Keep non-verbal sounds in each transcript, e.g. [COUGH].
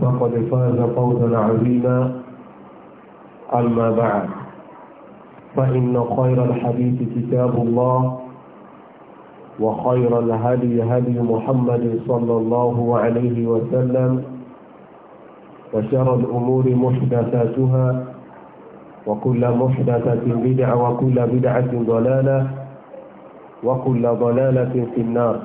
فقد فاز فوزا عظيما أما بعد فإن خير الحديث كتاب الله وخير الهدي هدي محمد صلى الله عليه وسلم وشر الأمور محدثاتها وكل محدثة بدعة وكل بدعة ضلالة وكل ضلالة في النار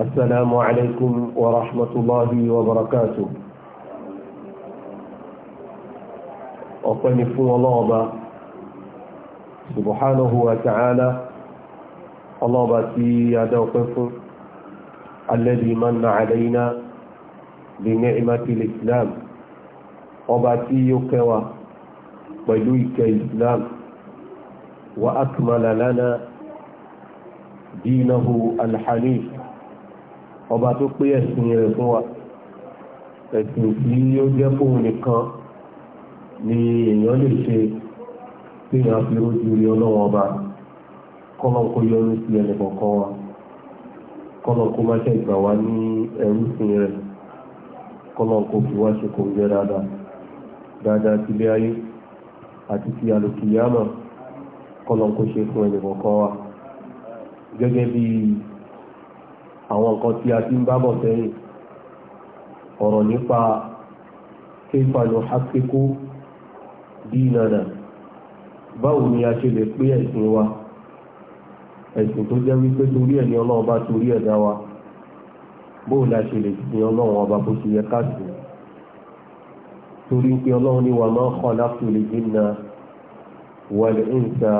السلام عليكم ورحمة الله وبركاته أطنف الله سبحانه وتعالى الله باتي يدوقف الذي من علينا بنعمة الإسلام وباتي يكوى وليك الإسلام وأكمل لنا دينه الحنيف ọba tó pé ẹ̀sìn rẹ̀ fún wa ẹ̀sìn tí ó jẹ́ fóun nìkan ni èèyàn lè ṣe tí èèyàn fi rójú rí ọlọ́wọ́n ọba kọ́lọ̀ kó yọrù sí ẹnì kọ̀ọ̀kan wa kọ́lọ̀ kó má ṣe gbà wá ní ẹrú sìn rẹ̀ kọ́lọ̀ kó fi wá ṣe kò jẹ́ dáadáa dáadáa ti lé ayé àti ti àlòkìyàmọ̀ kọ́lọ̀ kó ṣe fún ẹnì kọ̀ọ̀kan wa gẹ́gẹ́ bíi àwọn nǹkan tí a ti ń bábọ̀ sẹ́yìn ọ̀rọ̀ nípa kéfàlù hákíkú dínàdà báwo ni a ṣe lè pé ẹ̀sìn wa ẹ̀sìn tó jẹ́ wípé torí ẹ̀ ní ọlọ́run bá torí ẹ̀ dá wa bóò la ṣe lè sin ọlọ́run ọba bó ṣe yẹ káàsì torí pé ọlọ́run ní wa ma khalaqtul jinna wal insa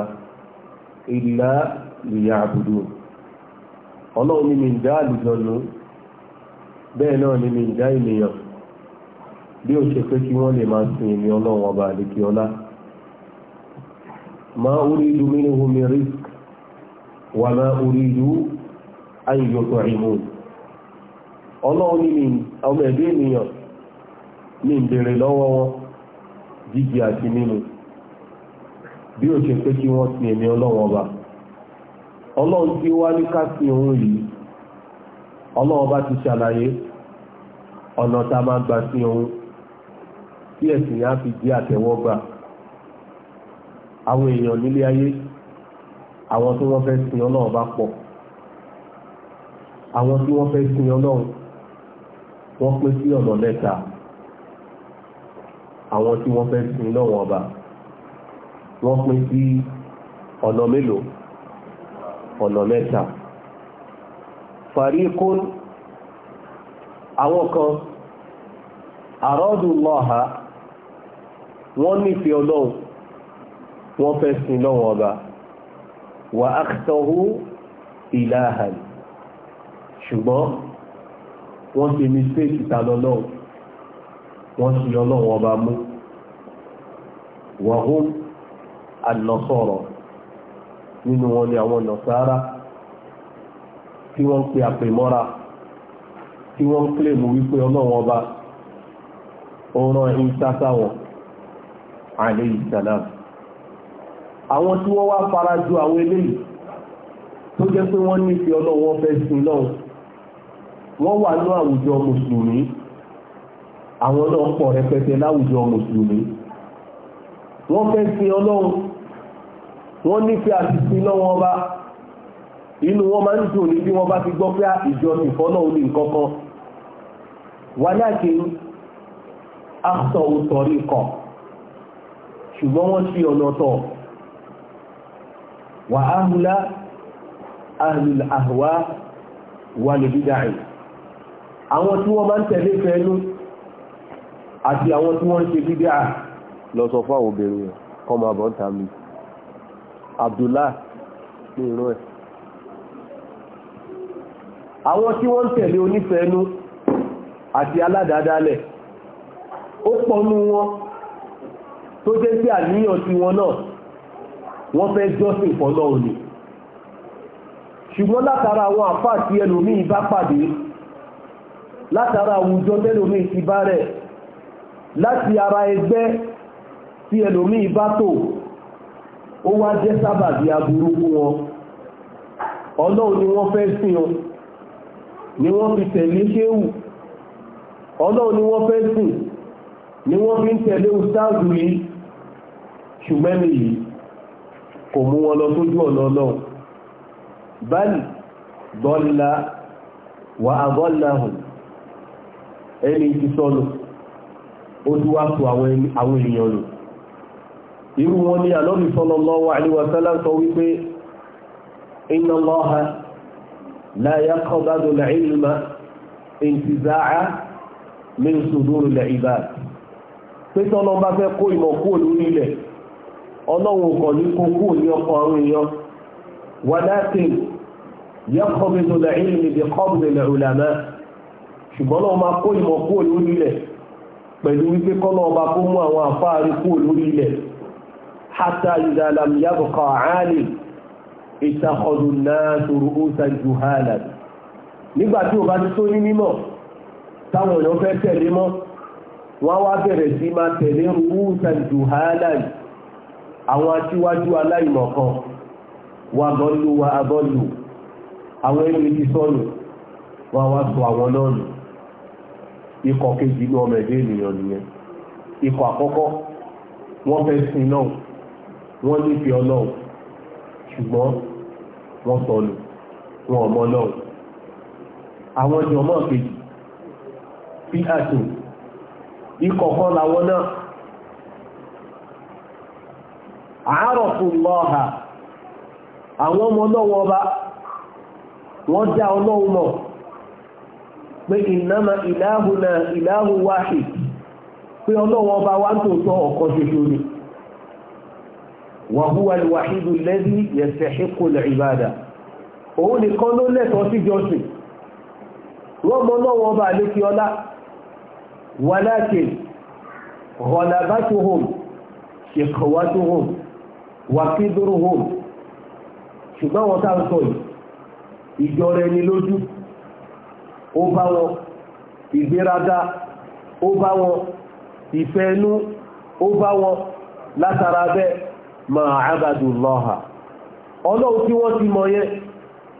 illa liya'budun ọlọ́run ní mi ń dá bẹ́ẹ̀ náà ní ènìyàn bí ó ṣe pé kí wọ́n lè máa sin ọlọ́run ọba àdìkí ọlá ma uridu ma uridu an yut'imun ọlọ́run ní ọmọ ẹ̀dẹ́ ènìyàn ní ìbèrè lọ́wọ́ wọn àti mímu bí ó ṣe pé kí wọ́n sin ọlọ́run ọlọ́run tí wá ní káàkiri òun yìí ọlọ́run bá ti ṣàlàyé ọ̀nà tá a máa gbà sí òun tí ẹ̀sìn yá fi jẹ́ àtẹ́wọ́gbà àwọn èèyàn nílé ayé àwọn tí wọ́n fẹ́ sin ọlọ́run bá pọ̀ àwọn tí wọ́n fẹ́ sin ọlọ́run wọ́n pín sí ọ̀nà mẹ́ta àwọn tí wọ́n fẹ́ sin lọ́wọ́n ọba wọ́n pín sí ọ̀nà mélòó ọ̀nà mẹ́ta fàríkún àwọn kan àrọ́dùnlọ́ha wọ́n nífẹ̀ẹ́ ọlọ́run wọ́n fẹ́ sin lọ́wọ́ ọba wà ákítọ́hú ìlàhàn ṣùgbọ́n wọ́n ti mi sí ìta wọ́n sì ọlọ́run ọba mú wọ̀hún ànàsọ̀rọ̀ nínú wọn ni àwọn nọ̀sára tí wọ́n ń pe àpèmọ́ra tí wọ́n ń kílèmù wípé ọlọ́wọ́n ọba ó rán ìsá sáwọn alayhi salam àwọn tí wọ́n wá fara ju àwọn eléyìí tó jẹ́ pé wọ́n ní fi ọlọ́wọ́n fẹ́ sin lọ́hùn wọ́n wà ní àwùjọ mùsùlùmí àwọn náà pọ̀ rẹpẹtẹ láwùjọ mùsùlùmí wọ́n fẹ́ sin ọlọ́run wọ́n nífẹ̀ẹ́ àti sí lọ́wọ́ ọba inú wọn máa ń dùn ní bí wọ́n bá fi gbọ́ pé ìjọsìn fọ́nà ò ní nǹkan kan walakin àtọ̀ òtọ̀rí kọ̀ ṣùgbọ́n wọ́n ṣe ọ̀nà tọ̀ wà áhùlá ahlul ahwa wà lè bídà ẹ̀ àwọn tí wọ́n máa ń tẹ̀lé fẹ́ẹ́lú àti àwọn tí wọ́n ń ṣe bídà lọ sọ fún àwọn obìnrin kọ́ máa bọ́ ń ta mi Abdullah ní ìran ẹ̀ àwọn tí wọ́n ń tẹ̀lé onífẹ̀ẹ́nú àti aládàádálẹ̀ ó pọnú wọn tó jẹ́ sí àníyàn tí wọn náà wọ́n fẹ́ jọ́sìn fọ́nà òní ṣùgbọ́n látara àwọn àfáà tí ẹlòmíì bá pàdé látara àwùjọ tẹ́lòmíì ti bá rẹ̀ láti ara ẹgbẹ́ tí ẹlòmíì bá tò ó wá jẹ́ sábàbí aburú fún wọn ọlọ́run ni wọ́n fẹ́ sìn o ni wọ́n fi tẹ̀lé ṣéwù ọlọ́run ni wọ́n fẹ́ sìn ni wọ́n fi ń tẹ̀lé ustaazu yìí ṣùgbọ́n yìí kò mú wọn lọ sójú ọ̀nà ọlọ́run báyìí dọ́là wà àbọ́là ẹni tí sọnù ó tún wá tó àwọn ènìyàn lò irú wọn ni ànábì sallallahu alaihi wa sallam sọ wípé inna Allaha la yaqbadu al-ilma intiza'a min sudur al-ibad pé tọ́lọ́ bá fẹ́ kó ìmọ̀ kúrò lórí ilẹ̀ kọ̀ ní kó kúrò ní ọkọ̀ àwọn èèyàn walakin yaqbidu al-ilmi na حتى إذا لم يبقى عالم اتخذوا الناس رؤوسا جهالا nígbà tí ó bá ti tó ní mímọ̀ táwọn èèyàn fẹ́ tẹ̀lé mọ́ wọ́n wá bẹ̀rẹ̀ sí máa tẹ̀lé rúúsàn juhalan àwọn aṣíwájú aláìmọ̀kan wà bọ́lù wà abọ́lù àwọn ẹni tí sọnù wọ́n wá sọ àwọn náà nù ikọ̀ kejì ní ọmọ ẹ̀dẹ́ ènìyàn nìyẹn ikọ̀ àkọ́kọ́ wọ́n fẹ́ sin náà wọ́n fi ọlọ́run ṣùgbọ́n wọ́n sọnù wọn ọmọ ọlọ́run àwọn jọmọ́ kejì fi àtò ìkọ̀kọ́ làwọn náà àárọ̀fù lọ́ha àwọn ọmọ ọlọ́wọ́ ọba wọ́n já ọlọ́run mọ̀ pé ìnáma ìlàhùnà ìlàhùn wáhì pé ọlọ́wọ́ ọba wá ń tòótọ́ ọ̀kan ṣoṣo ni wa huwa al-wahidu alladhi yastahiqqu al-ibada òun nìkan ló lẹ́tọ̀ọ́ sí jọ́sìn rọ́mọ náà wọ́n bá lé kí ọlá walakin ghalabatuhum shiqwatuhum wa kibruhum ṣùgbọ́n wọn tá ń sọ yìí ìjọ rẹ̀ ni lójú ó bá wọn ìgbéraga ó bá wọn ìfẹ́ inú ó bá wọn látara bẹ́ẹ̀ ma àbàdù lọ́ha ọlọ́run tí wọ́n ti mọ̀ yẹn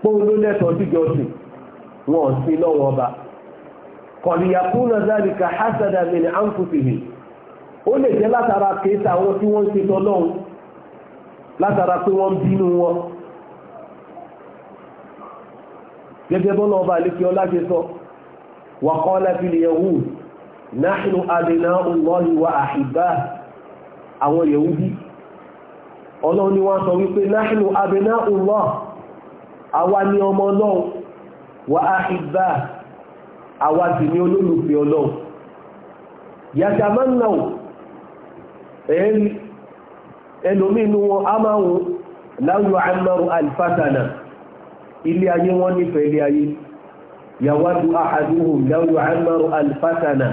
pọ́n ló lẹ́tọ̀ọ́ sí jọ́sìn wọn sí lọ́wọ́ ọba kọ̀lìyàkúnà zálìkà hásàdà min ó lè jẹ́ látara kéésà àwọn tí wọ́n ń ṣe tọ́lọ́run látara pé wọ́n bínú wọn gẹ́gẹ́ bọ́lá ọba àlékí ọlá ṣe sọ ọlọ́run ni wọ́n sọ wípé nahnu abna'ullah àwa ni ọmọ ọlọ́run wa ahibba àwa sì ni olólùfẹ́ ọlọ́run yàtàmánà ẹ̀rí ẹlòmínú wọn a máa wọn láwọ àmàrù alfàtànà ilé ayé wọn nífẹ̀ẹ́ ilé ayé yàwádù àhàdúhù láwọ àmàrù alfàtànà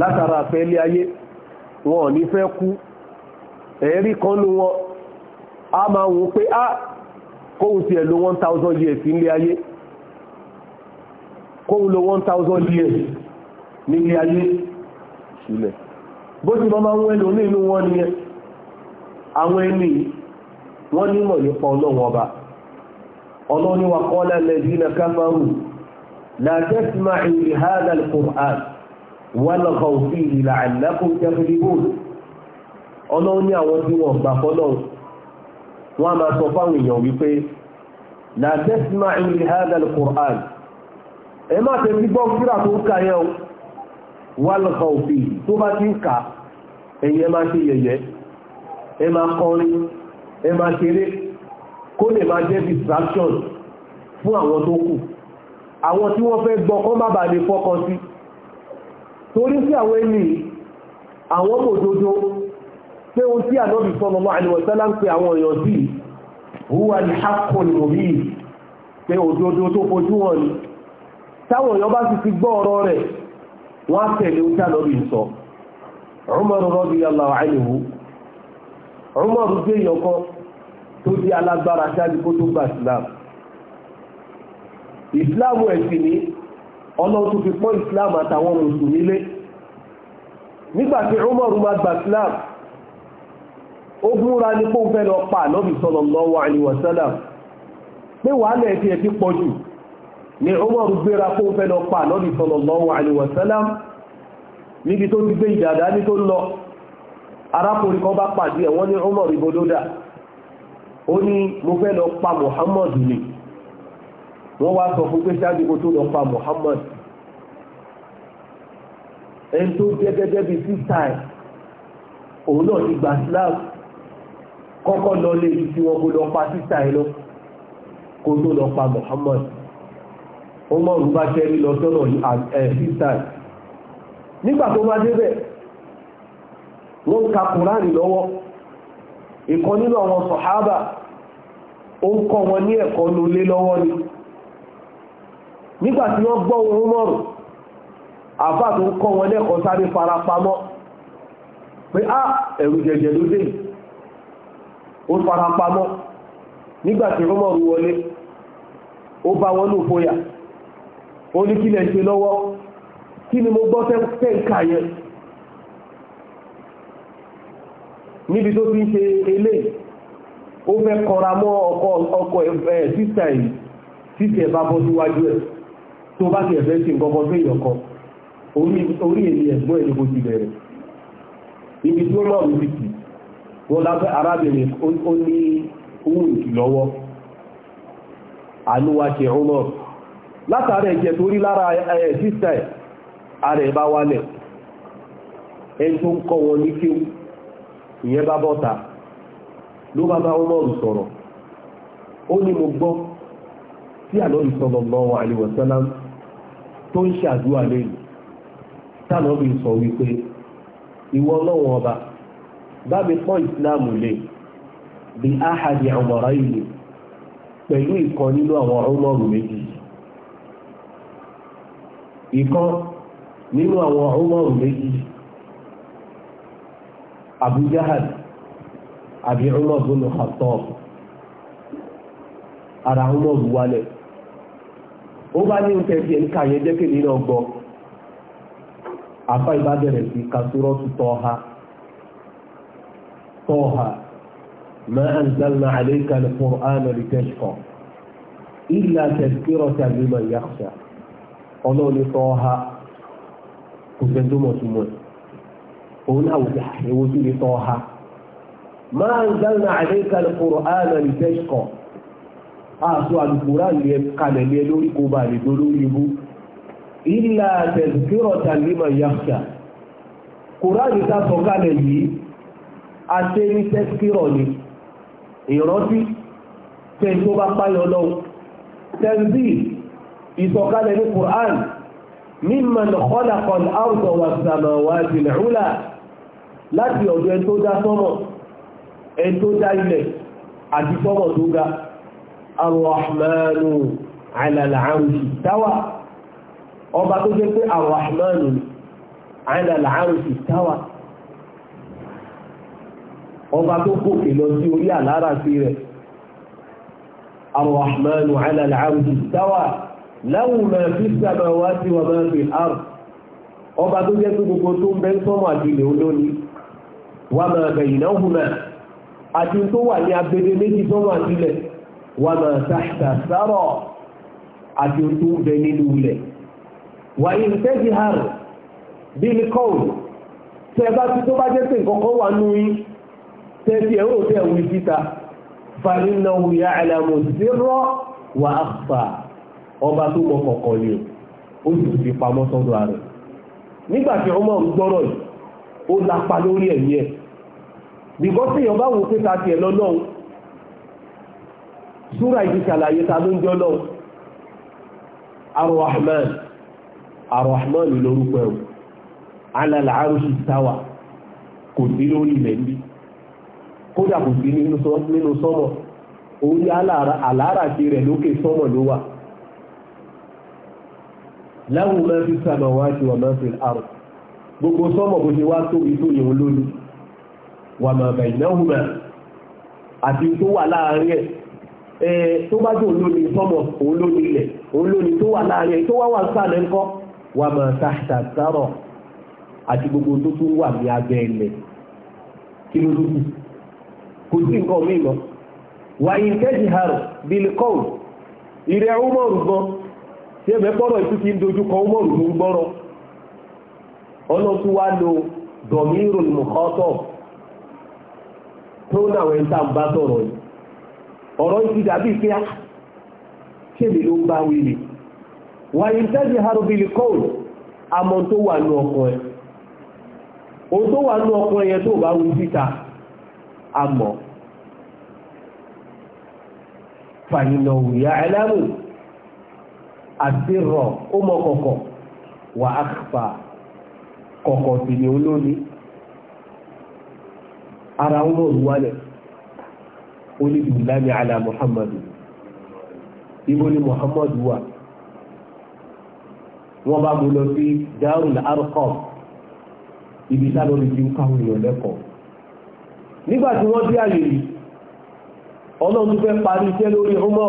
látara fẹ́ ayé wọn ní fẹ́ kú ẹ̀rí kanú wọn a ma wò pe a ah, kóhun ti ẹ̀ one years nílé ayé kóhun lo one years nílé ayé sílẹ̀ bó ti máa máa ń wẹ́lò ní inú wọn àwọn ẹni wọ́n nípa ọba ọlọ́run kọ́lá lẹ́dínà káfárù la tasma'u li hadha wọ́n wọ́n a máa sọ fáwọn èèyàn wípé la tasma'u li hadha al-Qur'an ẹ má tẹ́ sí gbọ́n kíra tó ń ka yẹn o wal khawfi tó bá ti ń ka ẹ̀yẹ máa ṣe yẹ̀yẹ́ ẹ máa kọrin ẹ máa ṣeré kó lè máa jẹ́ distraction fún àwọn tó kù àwọn tí wọ́n fẹ́ gbọ́ kọ́ má bàa lè fọ́kàn sí torí sí àwọn ẹni àwọn mòdodo pé ohun tí ànábì sallallahu alaihi wasallam ń pe àwọn èèyàn sí huwa al-haqqul mubin pé òdodo tó fojú wọn ni táwọn èèyàn bá sì ti gbọ́ ọ̀rọ̀ rẹ̀ wọ́n á tẹ̀lé ohun tí ànábì sọ Umar radiyallahu anhu Umar jẹ́ èèyàn kan tó di alágbára ṣáájú kó tó gba islam islam ẹ̀sìn ni ọlọ́run tó fi pọ́n islam àtàwọn mùsùlùmí lé nígbà tí Umar máa gba islam ó búra ní kó ń fẹ́ lọ pa ànábì sallallahu alaihi wasallam pé wàhálà ẹ̀fí ẹ̀fí pọ̀ jù ní Umar gbéra kó ń fẹ́ lọ pa ànábì sallallahu alaihi wasallam níbi tó ti gbé ìdàdá ní tó lọ arákùnrin kan bá pàdé ẹ̀ wọ́n ní mo fẹ́ pa muhammadu ni wọ́n wá sọ fún pé ṣáàbí kó tó lọ pa Muhammad ẹni tó òun náà ti gbà kọ́kọ́ lọ lé ibi tí wọ́n kó lọ pa sísá ẹ lọ kó tó lọ pa Muhammad Umar bá ṣẹ́rí lọ sọ́nà sísá ẹ nígbà tó bá débẹ̀ wọ́n ń ka Kùránì lọ́wọ́ ìkan nínú àwọn sọ̀hábà ó ń kọ́ wọn ní ẹ̀kọ́ nulé lọ́wọ́ ni nígbà tí wọ́n gbọ́ ohun mọ́rùn àbá tó ń kọ́ wọn lẹ́kọ̀ọ́ sáré farapamọ́ pé á ah, ẹ̀rù jẹ̀jẹ̀ ló dé yìí ó fara pamọ́ nígbà tí rọ́mọ̀rù wọlé ó bá wọn ní òfòyà ó ní kí lẹ̀ ṣe lọ́wọ́ kí ni mo gbọ́ tẹ́ǹkà yẹn níbi tó fi ń ṣe eléyìí ó fẹ́ kọra mọ́ ọkọ̀ ẹ̀ sísà yìí sísà ẹ̀ bá bọ́ síwájú ẹ̀ tó bá ti ẹ̀fẹ́ sí nǹkan kan fẹ́ ìyọ̀kọ orí èmi ẹ̀gbọ́n ẹ̀ ló ti bẹ̀rẹ̀ ibi tí ó mọ̀ ti kì wọ́n lábẹ́ arábìnrin ó ní ohun ìlọ́wọ́ àánúwà ṣe ọmọ látàrí ẹ̀jẹ̀ tó rí lára ẹ̀ sísẹ̀ ààrẹ bá wálẹ̀ ẹni tó ń kọ́ wọn ní kí ìyẹn bá bọ́ta ló bá bá ọmọrù sọ̀rọ̀ ó ní mo gbọ́ tí àlọ́rì ọba bá mi pọ́n ìsìláàmù lè bí áhàdì ọmọọ̀rọ̀ ìlú pẹ̀lú ìkan nínú àwọn ọmọọ̀rù méjì ìkan nínú àwọn Abu àbí ara ọmọọ̀rù wálẹ̀ ó bá ní oúnjẹ tí ẹnìkà yẹn jẹ́ kéde náà gbọ́ ìbá bẹ̀rẹ̀ ha. طه ما أنزلنا عليك القرآن لتشقى إلا تذكرة لمن يخشى ọlọ́run ní tọ́ha kò fẹ́ tó mọ̀ tó mọ̀ òun náà wùdà ewu tó ní tọ́ha máa ń dáná àdéka lùkùrù ààrẹ ìfẹ́ṣkọ̀ àṣọ àlùkùrù àlè kalẹ̀ lé lórí kó bá lè dóró ibú ilà tẹ̀síkírọ̀ tàbí mà yàkṣà kùrù àlè ká sọ kalẹ̀ yìí aṣe ní tẹ́síkírọ̀ ni ìrántí tẹ́ tó bá páyọ lọ́wọ́ tẹ́sí ìsọ̀kalẹ̀ ní Qur'an mimman khalaqa al-arda was-samawati al-ula láti ọ̀dọ̀ ẹ tó dá sọ́mọ̀ ẹ tó dá ilẹ̀ àti sọ́mọ̀ tó ga arrahmanu ala al-arshi tawa ọba tó gòkè lọ sí orí àlára sí rẹ̀ arrahmanu ala al-arshi istawa lahu ma fi samawati wa ma fi al-ard ọba tó jẹ́ pé gbogbo tó ń bẹ sọ́mọ̀ àti ilẹ̀ olóni wa ma baynahuma àti tó wà ní agbede méjì sọ́mọ̀ àti ilẹ̀ wa ma tahta sara àti tó ń bẹ nínú ilẹ̀ wà ní tẹ́jì hàr bí ní kọ́ọ̀lù tẹ́ bá ti tó bá jẹ́ pé nǹkan kan wà nú yín tẹ́tí ẹ̀ ó tẹ́ wí síta fàlínà wùyà àlàmù sírọ́ wà á ọba tó mọ kọ̀kọ̀ ni ó sì fi pamọ́ sọ́dọ̀ rẹ̀ nígbà tí ọmọ ń gbọ́rọ̀ yìí ó lapa lórí ẹ̀mí ẹ̀ bìkọ́ sí wo pé ta tiẹ̀ lọ́lọ́run súra ìdí ṣàlàyé ta ló ń lórúkọ alàlà kódà kò sí nínú sọ́mọ̀ orí aláràtí rẹ̀ lókè sọ́mọ̀ ló wà láwùú máa fi sàmà wá sí wà máa fi àrùn gbogbo sọ́mọ̀ bó ṣe wá tóbi tó yẹn lónìí wà máa bẹ̀yìn náà hùmà àti tó wà láàárín ẹ̀ tó bá jò lónìí sọ́mọ̀ òun lónìí ilẹ̀ òun tó wà láàárín ẹ̀ tó wá wà sálẹ̀ ńkọ́ wà máa tàṣà sárọ̀ àti gbogbo tó tún wà ní abẹ́ ilẹ̀ kí ló lókùn kuti nko mimo wa intejhar bil qaul ire umar bo se me poro itu ki ndoju ko umar mu gboro ono tu wa lo na mukhatab tuna we nta mba toro yi oro yi dabi ki a ke bi lo ba wi ni wa amo to wa nu e o to wa nu oko e to ba wi sita amo fàyínà òwúyà ẹlẹ́mù àti rọ̀ ó mọ kọ̀kọ̀ wà á fà kọ̀kọ̀ sì ni olóni ara ń lò wálẹ̀ ó ní ìlànà àlà muhammadu ibo ni muhammadu wà wọ́n bá mú lọ sí darul arqam ibi sálọ́ọ̀lù tí ń káwọn èèyàn lẹ́kọ̀ọ́ nígbà tí wọ́n dé àyè yìí ọlọ́run fẹ́ parí iṣẹ́ lórí ọmọ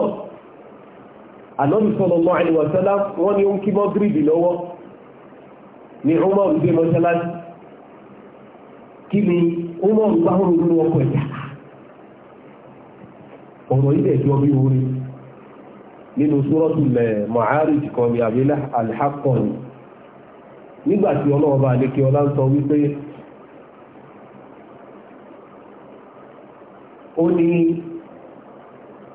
ànábì sallallahu alaihi wasallam wọ́n ní ó ń kí mọ́gírìdì lọ́wọ́ ní ọmọ ìdí mọ́ṣáláṣí kí ni ọmọ ìgbà ọrùn ní ọkọ̀ ẹ̀yà ọ̀rọ̀ ilẹ̀ ìjọ bí orí nínú suratul Ma'arij kan ní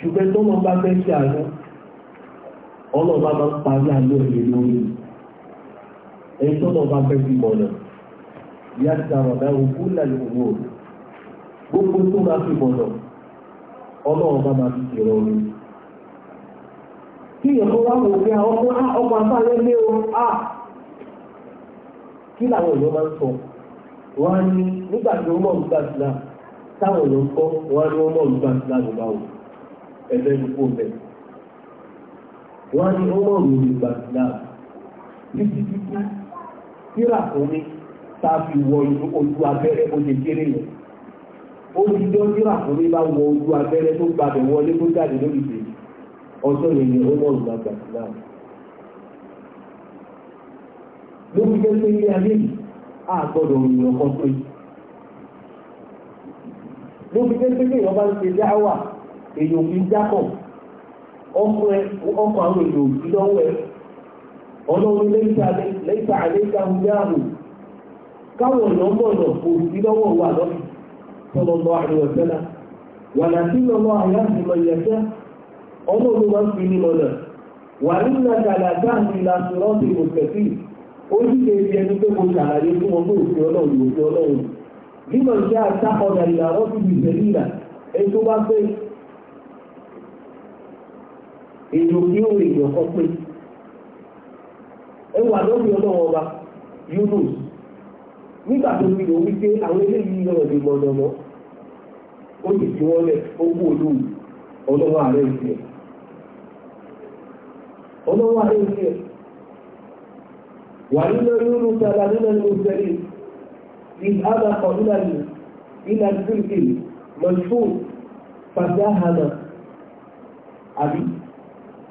ṣùgbọ́n tó máa bá fẹ́ ṣe àná ọlọ́ọ̀bá máa ń parí àlọ́ ìlú lórí ẹni tó náà bá fẹ́ fi mọ̀nà ìyá ti ta ọ̀dà òkú lẹ́nu òwò gbogbo tó máa fi mọ̀nà ọlọ́ọ̀bá máa fi ṣèrọ̀ orí. kí ìyẹ̀kọ́ wá wò pé àwọn ọmọ afárẹ́ lé o a ah. kí làwọn èèyàn máa ń sọ wọ́n á ní nígbà tí wọ́n mọ̀ nígbà sílá táwọn èèyàn ń kọ́ wọ́n á ní wọ́n mọ̀ nígbà sílá ló bá wò. ẹlẹ́rìíkó bẹ̀. Wọ́n ní ó mọ̀rọ̀ olùgbà náà títí títí tíra tó ní tàbí wọ ojú abẹ́rẹ́ ó ṣe kéré yẹn. Ó ti jọ ní bá wọ ojú abẹ́rẹ́ tó wọlé tó jáde lórí Ọjọ́ yẹn ni ó náà. Ló fi jẹ́ pé ilé ayé yìí gbọ́dọ̀ Ló fi jẹ́ pé èyàn fi jákọ̀ ọkọ̀ àwọn èyàn òjì lọ́wọ́ ẹ ọlọ́run lẹ́ta àlẹ́ta ìyáàrùn káwọn èèyàn mọ̀nà òjì lọ́wọ́ wà lọ́bì tọ́lọ́lọ́ àríwọ̀ sẹ́lá wà láti lọ́lọ́ àyáàfin mọ̀ ìyẹ̀fẹ́ ọlọ́run máa fi wà a èdò kí ó rìn ọkọ pé ẹ wà ọlọ́wọ́ ọba Yunus nígbà tó fi lò wípé àwọn eléyìí lọ́rọ̀ lè gbọ́dọ̀ mọ́ ó sì fi wọ́n ó kú olú ọlọ́wọ́ ààrẹ ìfẹ́ ọlọ́wọ́ ààrẹ ìfẹ́ wà nínú Yunus sábà ní ẹni òṣèlú ìhábà ìlànà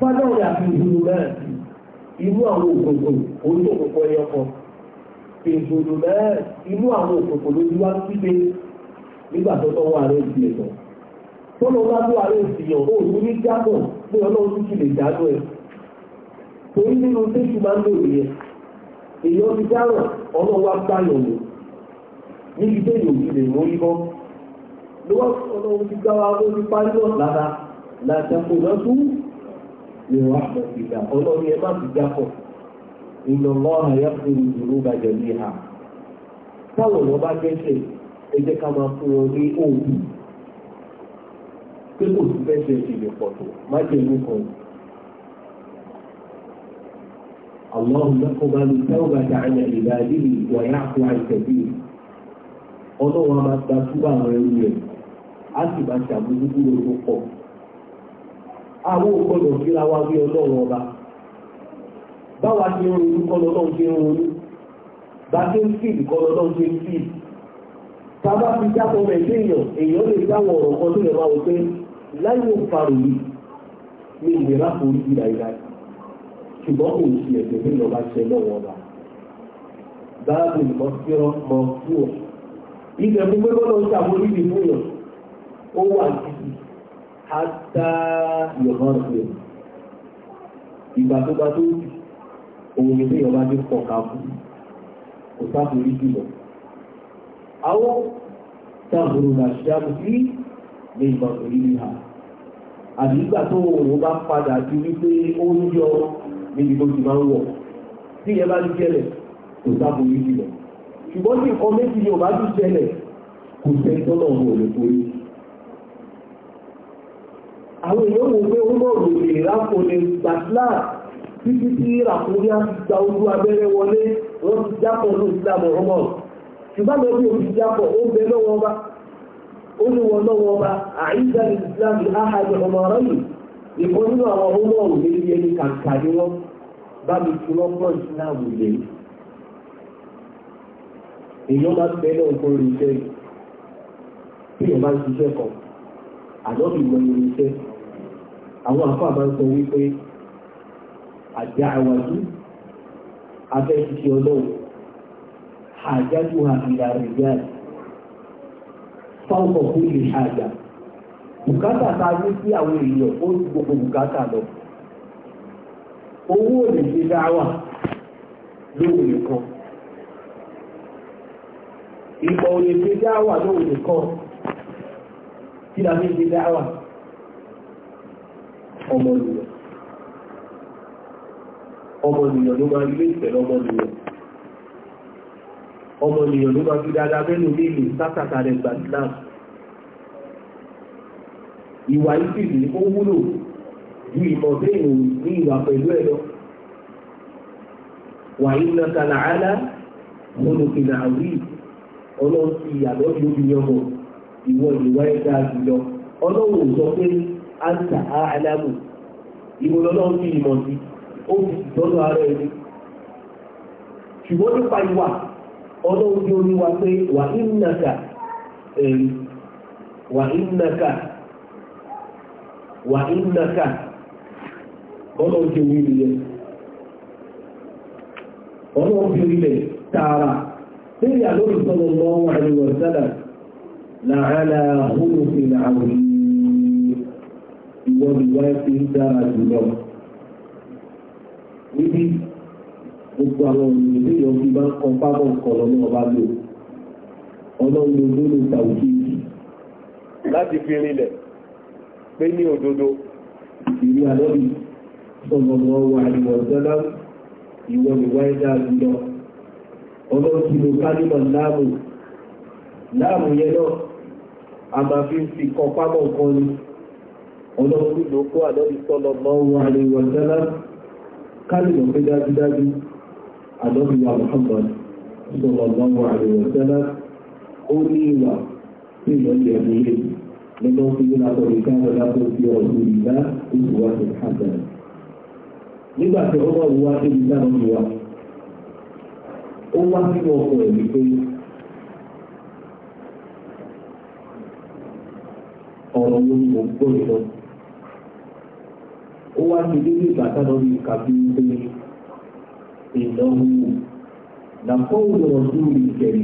fọ́lọ́run àti ìhùrù náà inú àwọn òkòkò orí òkòkò ẹyọ kan ìhùrù náà inú àwọn òkòkò lójú wá síbe nígbà tó tọ́wọ́ ààrẹ ìsì ẹ̀tọ́ tó lọ bá tó ààrẹ ìsì yàn ó ní ní jábọ̀ pé ọlọ́run ti lè jábọ̀ ẹ̀ torí nínú tẹ́sù máa ń lò èèyàn ti dáràn ọlọ́run wá gbá yàn lò níbi ìwà àpọ̀sílà ọlọ́run ẹ má fi jápọ̀ iná lọ́ra yá fún ìdúró bàjẹ́ ní ha. táwọn ọ̀nà bá jẹ́sẹ̀ ká máa fún wọn ní òògùn pé kò sí fẹ́ ṣe ìṣẹ̀lẹ̀ pọ̀ tó má jẹ́ ìlú kan اللهم اقبل التوبة عن عباده ويعفو عن كثير ọlọ́run a máa gba túbà àwọn ẹrú rẹ̀ á sì àwọn ògbọ́dọ̀ síra wá bí ọlọ́run ọba báwa ti ń ronú kọ́lọ́ náà ti ń ronú bá ti ń fìlì kọ́lọ́ náà ti ń fìlì tábà fi jápọ̀ mẹ́sẹ̀ èèyàn èèyàn lè dáwọ̀ ọ̀rọ̀ kan tó lè máa wọ pé láìwò farò yìí ní ìlera kò rí ìdáyìí ṣùgbọ́n kò sí ẹ̀jẹ̀ bí lọ́ba ṣe lọ́wọ́ ọba báàbù nìkan sí ọ mọ fún ọ ilẹ̀ gbogbo lọ́dọ̀ ṣàmójútì fún yàn ó wà ní hátà yọ̀hán rẹ̀ ìgbà tó bá tó òun ilé ọba ní pọ̀ka fún kò sáfòrí jùlọ àwọn sáfòrò làṣíyàmù sí ní ìgbàgbòrí ìhà àbí ìgbà tó òun bá padà ju wípé ó ń yọ níbi tó ti máa ń wọ̀ tí ẹ bá ti jẹlẹ̀ kò sáfòrí jùlọ ṣùgbọ́n tí nǹkan méjì ni ọba ti jẹlẹ̀ kò sẹ́ńtọ́ náà wọ̀ lè forí àwọn èèyàn wò pé orúkọ ìrápò lè gbàtílà títí tí ti gba ojú abẹ́rẹ́ wọlé wọ́n ti jápọ̀ ní ìsìlámù ọmọ ṣùgbọ́n jápọ̀ ó bẹ ọba ó ní wọn ọba ní ìsìlámù ahàjọ ọmọ ọ̀rọ̀ yìí nínú àwọn ọmọ ní ni wọ́n bá mi fi wọ́n ìsìlámù lè èèyàn rí iṣẹ́ bí àwọn àfáà máa ń sọ wípé àjà àwàdú afẹ́ṣiṣẹ́ ọlọ́run àjájú àìlà rìíyà fáwọn kò lè àjà bùkátà ta ní sí àwọn èèyàn ó ju gbogbo bùkátà lọ owó ò lè ṣe dáwà lóhùn nìkan ìmọ̀ ò lè ṣe dáwà lóhùn nìkan kí la fi ṣe dáwà. ọmọnìyàn ọmọnìyàn ló máa ilé ìtẹ̀lẹ̀ ọmọnìyàn ọmọnìyàn ló máa fi dáadáa mẹ́nu ní ìlú sátàtà rẹ̀ gbà ó wúlò ju ìmọ̀ bẹ́ẹ̀ ní ìwà pẹ̀lú ẹ̀ lọ wà iná kàlàálà olùkìlà àwí ọlọ́run ti ọmọ ìwọ ìwà ẹ̀dá ọlọ́run ò àǹtà àìlámù ìmọ̀lọ́lọ́run fi ìmọ̀ sí ó fi ara ẹni ṣùgbọ́n nípa ìwà ọlọ́run bí orí wa pé wà ìnàkà ọlọ́run ti orí rẹ̀ ọlọ́run fi orí rẹ̀ tààrà lórí àlórí lọ́wọ́ àríwọ̀ sálà làálàá húrò sí àwùjọ ìwà ti ń dára jùlọ. Níbi gbogbo àwọn òyìnbó tí ìyọ̀ fi máa ń kọ pápọ̀ nǹkan lọ́nà ọba lò. Ọlọ́run ló ló tàwùjọ ìjì. Láti fi rinlẹ̀ pé ní òdodo. Ìrí àlọ́bì sọ̀rọ̀ ọwọ́ àìwọ̀ sọ́lá ìwọ ìwà ẹ̀dá jùlọ. Ọlọ́run ti lo kálímọ̀ láàmù. Láàmù yẹn náà, a máa fi ń fi kọ pápọ̀ nǹkan ni. ọlọ́run ló kó sọ́lọ mọ́wọ́ àríwọ̀tẹ́lá kálìmọ̀ pé dájúdájú àlọ́bí wa Muhammad sọ́lọ mọ́wọ́ wa ti ó wá ti dé ní ìgbà tánà orí kàbí pé ìnáwó làpọ̀ òwúrọ̀ sí orí ìkẹrì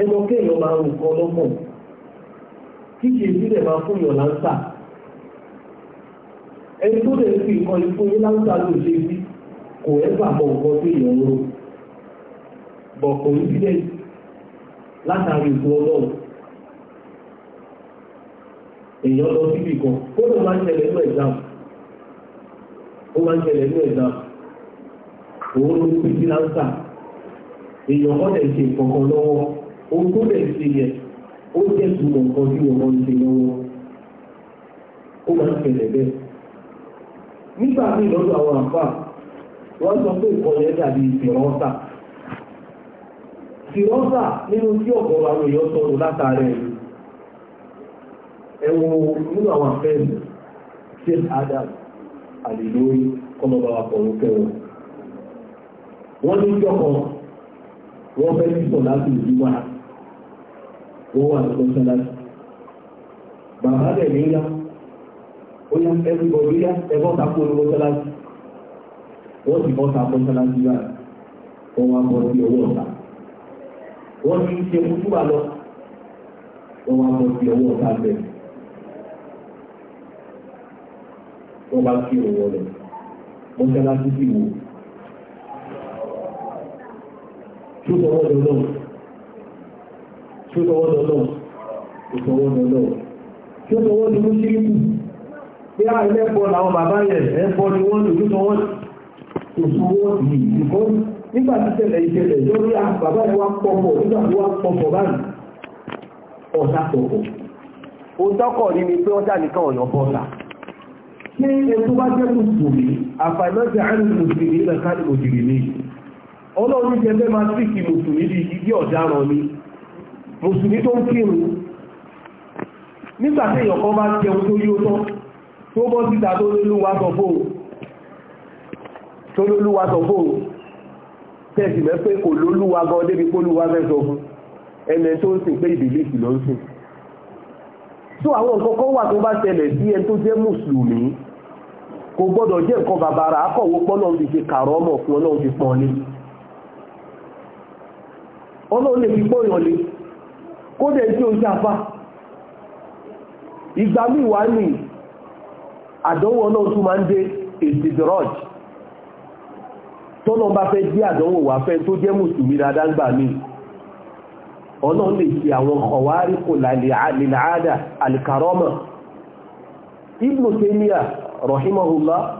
ẹnu kéèyàn máa ń kọ́ lọ́pọ̀ kíkì ìbílẹ̀ máa fún yàn láńsà ẹni tó lè fi ikú yín láńsà ló ṣe sí kò ẹ́ èèyàn lọ síbì kan ó ló máa ń ṣẹlẹ̀ ní exam ó máa ń ṣẹlẹ̀ ní exam òun ló pín sí láńsà èèyàn kan lè ṣe kankan lọ́wọ́ ohun tó lè ṣe yẹn ó jẹ́ ìtumọ̀ nǹkan tí wọ́n máa ń ṣe lọ́wọ́ ó máa ń ṣẹlẹ̀ bẹ́ẹ̀ nígbà tí ìlọ́dọ̀ àwọn àfà wọ́n sọ pé ìkọlẹ̀ dàbí ìfìrọ́sà ìfìrọ́sà nínú tí ọ̀gọ̀rọ̀ àwọn èèyàn sọ̀rọ̀ ẹwọ nínú àwọn afẹ́ẹ̀lì tí adam àlèlórí kọmọba wa pọ̀rọ̀ kẹwọn wọ́n ní jọ́kọ̀ wọ́n fẹ́ sí sọ̀lá sí ìdíwá wọ́n wà lọ́kọ́ sọ́lá sí bàbá rẹ̀ ní yá ó yá everybody yá ẹgbọ́n ta kó olówó sọ́lá sí wọ́n sì bọ́ ta kó sọ́lá sí báyìí wọ́n wá bọ́ sí owó ọ̀tá wọ́n ti ṣe kúkú wa lọ wọ́n wá bọ́ sí owó ọ̀tá bẹ́ẹ̀. wọ́n bá kí òun wọlé mọ́ṣáláṣí sì wò. tó sọwọ́ lọ́lọ́ tó sọwọ́ lọ́lọ́ tó sọwọ́ lọ́lọ́ ni mo ah, làwọn bàbá ni wọ́n lò tó tó sọwọ́ yìí bàbá ṣé ẹ̀tọ́ bá jẹ́ mùsùlùmí àfàìmọ́jà àrùn mùsùlùmí náà káàdì òjìrì ni ọlọ́run jẹ́ fẹ́ máa tíìkì mùsùlùmí di ìdí ọ̀daràn ni mùsùlùmí tó ń kírun nígbà tí èèyàn kan bá jẹun tó yíó tán tó bọ́ síta tó lólúwa sọ fóò tó lólúwa sọ fóò tẹ́sì mẹ́ pé kò lólúwa gan débi pólúwa fẹ́ sọ fún ẹnẹ tó ń sìn pé ìbìlísì ló ń sìn tó àwọn nǹkan kan wà tó bá ṣẹlẹ̀ sí ẹni tó jẹ́ mùsùlùmí kò gbọ́dọ̀ jẹ́ nǹkan bàbàrà akọ̀wò pọ́lọ́n ti fi kàrọ́ ọmọ fún ọlọ́run ti pọ́n lé ọlọ́run lè fi pọ́yàn lé kódẹ̀ tí ó jáfá ìgbà míì wá ní àdánwò náà tún máa ń dé èsìdìrọ́j tọ́nà bá fẹ́ dí àdánwò wá fẹ́ tó jẹ́ mùsùlùmí dáadáa gbà míì ọlọ́run lè fi àwọn kọ̀wárí kò lálẹ́ àdà àlìkàrọ́mọ̀ ibùsùn rahimahullah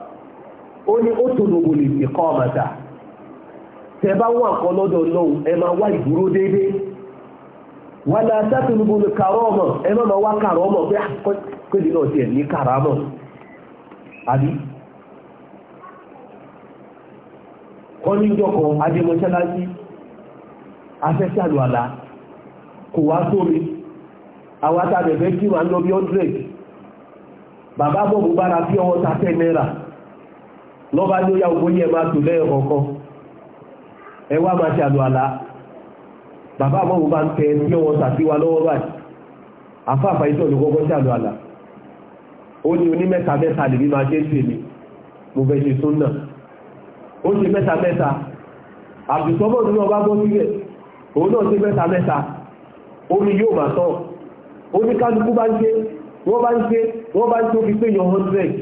ó ní ó tó lóbo lè fi kọ́ ọmọta tẹ bá wà kan lọ́dọ̀ lọ́hùn ẹ máa wá ìdúró déédéé wàlá sátìlúbù ní kàrọ́ọ̀mọ̀ ẹ máa wá kàrọ́ọ̀mọ̀ pé ah, kéde náà tiẹ̀ ní àbí àlá kò wá àwọn bàbá bọ̀bù bára bí ọwọ́ ta tẹ́ náírà lọ́ba ní ó yá ogun yẹ máa tò lẹ́yìn kọ̀ọ̀kan ẹ wá máa ṣàlù àlá bàbá bọ̀bù bá ń tẹ bí ọwọ́ ta sí wa lọ́wọ́ báyìí àfáàfà iṣẹ́ olùkọ́kọ́ ṣàlù àlá ó ní oní mẹ́ta mẹ́ta lèmi máa ṣe ń tèmi mo fẹ́ ṣe súnà ó ṣe mẹ́ta mẹ́ta àbùsọ́bọ̀ ní ọba bọ́ síbẹ̀ òun náà ṣe mẹ́ta mẹ́ta omi yóò máa tán oníkálukú bá ń ṣe wọ́n bá ń ṣe wọ́n bá tó fi pé yọ 100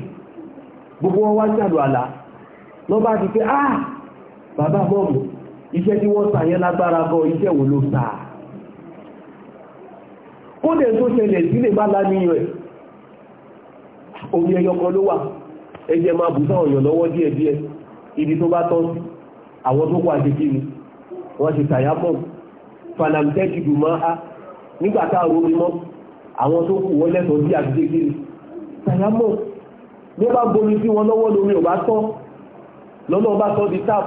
gbogbo wọn wá ṣàlù àlá lọ bá ti pé ah bàbá bọ́ọ̀mù iṣẹ́ tí wọ́n sà yẹn lágbára gan iṣẹ́ wo ló sà ó dẹ̀ tó ṣẹlẹ̀ sílẹ̀ bá láníyàn ẹ̀ omi ẹyọ kan ló wà ẹjẹ máa bù sáwọn èèyàn lọ́wọ́ díẹ̀ díẹ̀ ibi tó bá tọ́ sí àwọn tó kọ àṣekí ni wọ́n ṣe tàyà mọ́ fanamtẹ́kì dùn máa nígbà tá a romi mọ́ àwọn tó kù wọ́n lẹ́tọ̀ọ́ sí àṣekí ni tàyámọ̀ ní bá bomi sí wọn lọ́wọ́ lórí ò bá tọ́ lọ́nà ọba tọ́ di tap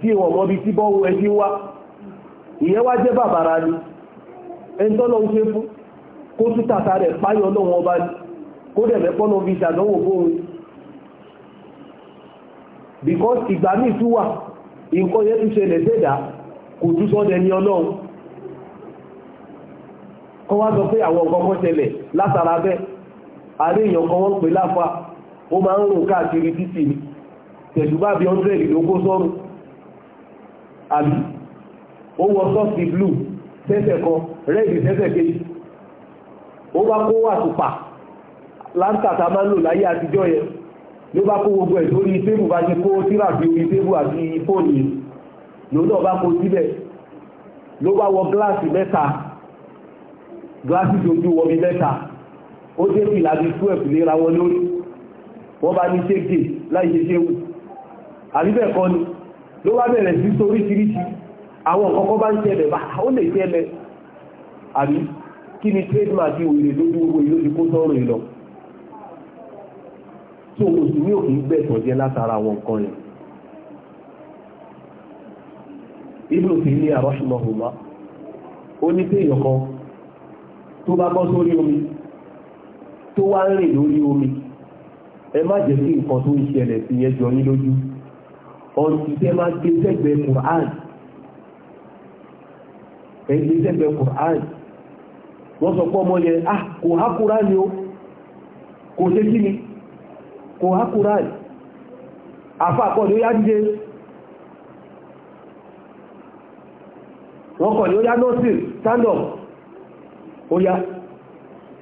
tí ìwọ̀n mọ́ bí tí bọ́wọ́ ẹjí wá ìyẹn wá jẹ́ bàbàrà ni ẹni tọ́lọ ń ṣe fún kó tún tàtà rẹ̀ páyọ lọ́wọ́ ọba ni kó dẹ̀ mẹ́pọ́nà fi ṣàdánwò bóun because ìgbà míì tún wà nǹkan yẹn tún ṣẹlẹ̀ dédà kò tún sọ́dẹ̀ ní ọlọ́run kọ́ wá sọ pé àwọn nǹkan ṣẹlẹ̀ látara bẹ́ẹ̀ àrí èèyàn kan wọ́n pè láfà ó máa ń rò káàkiri títì ní tẹ̀sùbá bí ọ́ndẹ̀rì lógó sọ́rùn àbí ó wọ sọ́ọ̀sì blu sẹ́sẹ̀ kan rẹ́ẹ̀dì sẹ́sẹ̀ kejì ó bá kó wà tùpà láńtà tá máa ń lò láyé àtijọ́ yẹn ló bá kó gbogbo ẹ̀ lórí tébù bá ti kó tíra sí orí tébù àti fóònù yìí lòun náà bá kó síbẹ̀ ló bá wọ gíláàsì mẹ́ta gíláàsì tó ju wọmi mẹ́ta ó dé bí láti tú ẹ̀kù léra wọn lórí wọ́n bá ní ṣége láìṣe ṣéwù àríbẹ̀ kan ni ló wá bẹ̀rẹ̀ sí sóríṣiríṣi àwọn kọ́kọ́ bá ń ṣẹlẹ̀ bá ó lè ṣẹlẹ̀ àbí kí ni trademark ìwòye lójú owó ìlú ti kó sọ́rùn ìlọ tí òun sì ní òfin gbẹ̀tọ̀ jẹ́ látara àwọn nǹkan yẹn ibùdó sì ní àrọ́ṣùmọ̀ hùmá ó ní pé èèyàn kan tó bá bọ́ sórí omi tó wá ń rìn lórí omi ẹ má jẹ́ kí nǹkan tó ń ṣẹlẹ̀ sí yẹn jọ yín lójú ọtí tẹ́ máa gbé sẹ́gbẹ̀ẹ́ Qur'an ẹ gbé sẹ́gbẹ̀ẹ́ Qur'an wọ́n sọ pé ọmọ yẹn ah kò há Qur'an ni ó kò ṣe kí ni kò há Qur'an àfa àkọ́ ni ó yá díje wọ́n kọ̀ ni ó yá nọ́ọ̀sì stand up ó yá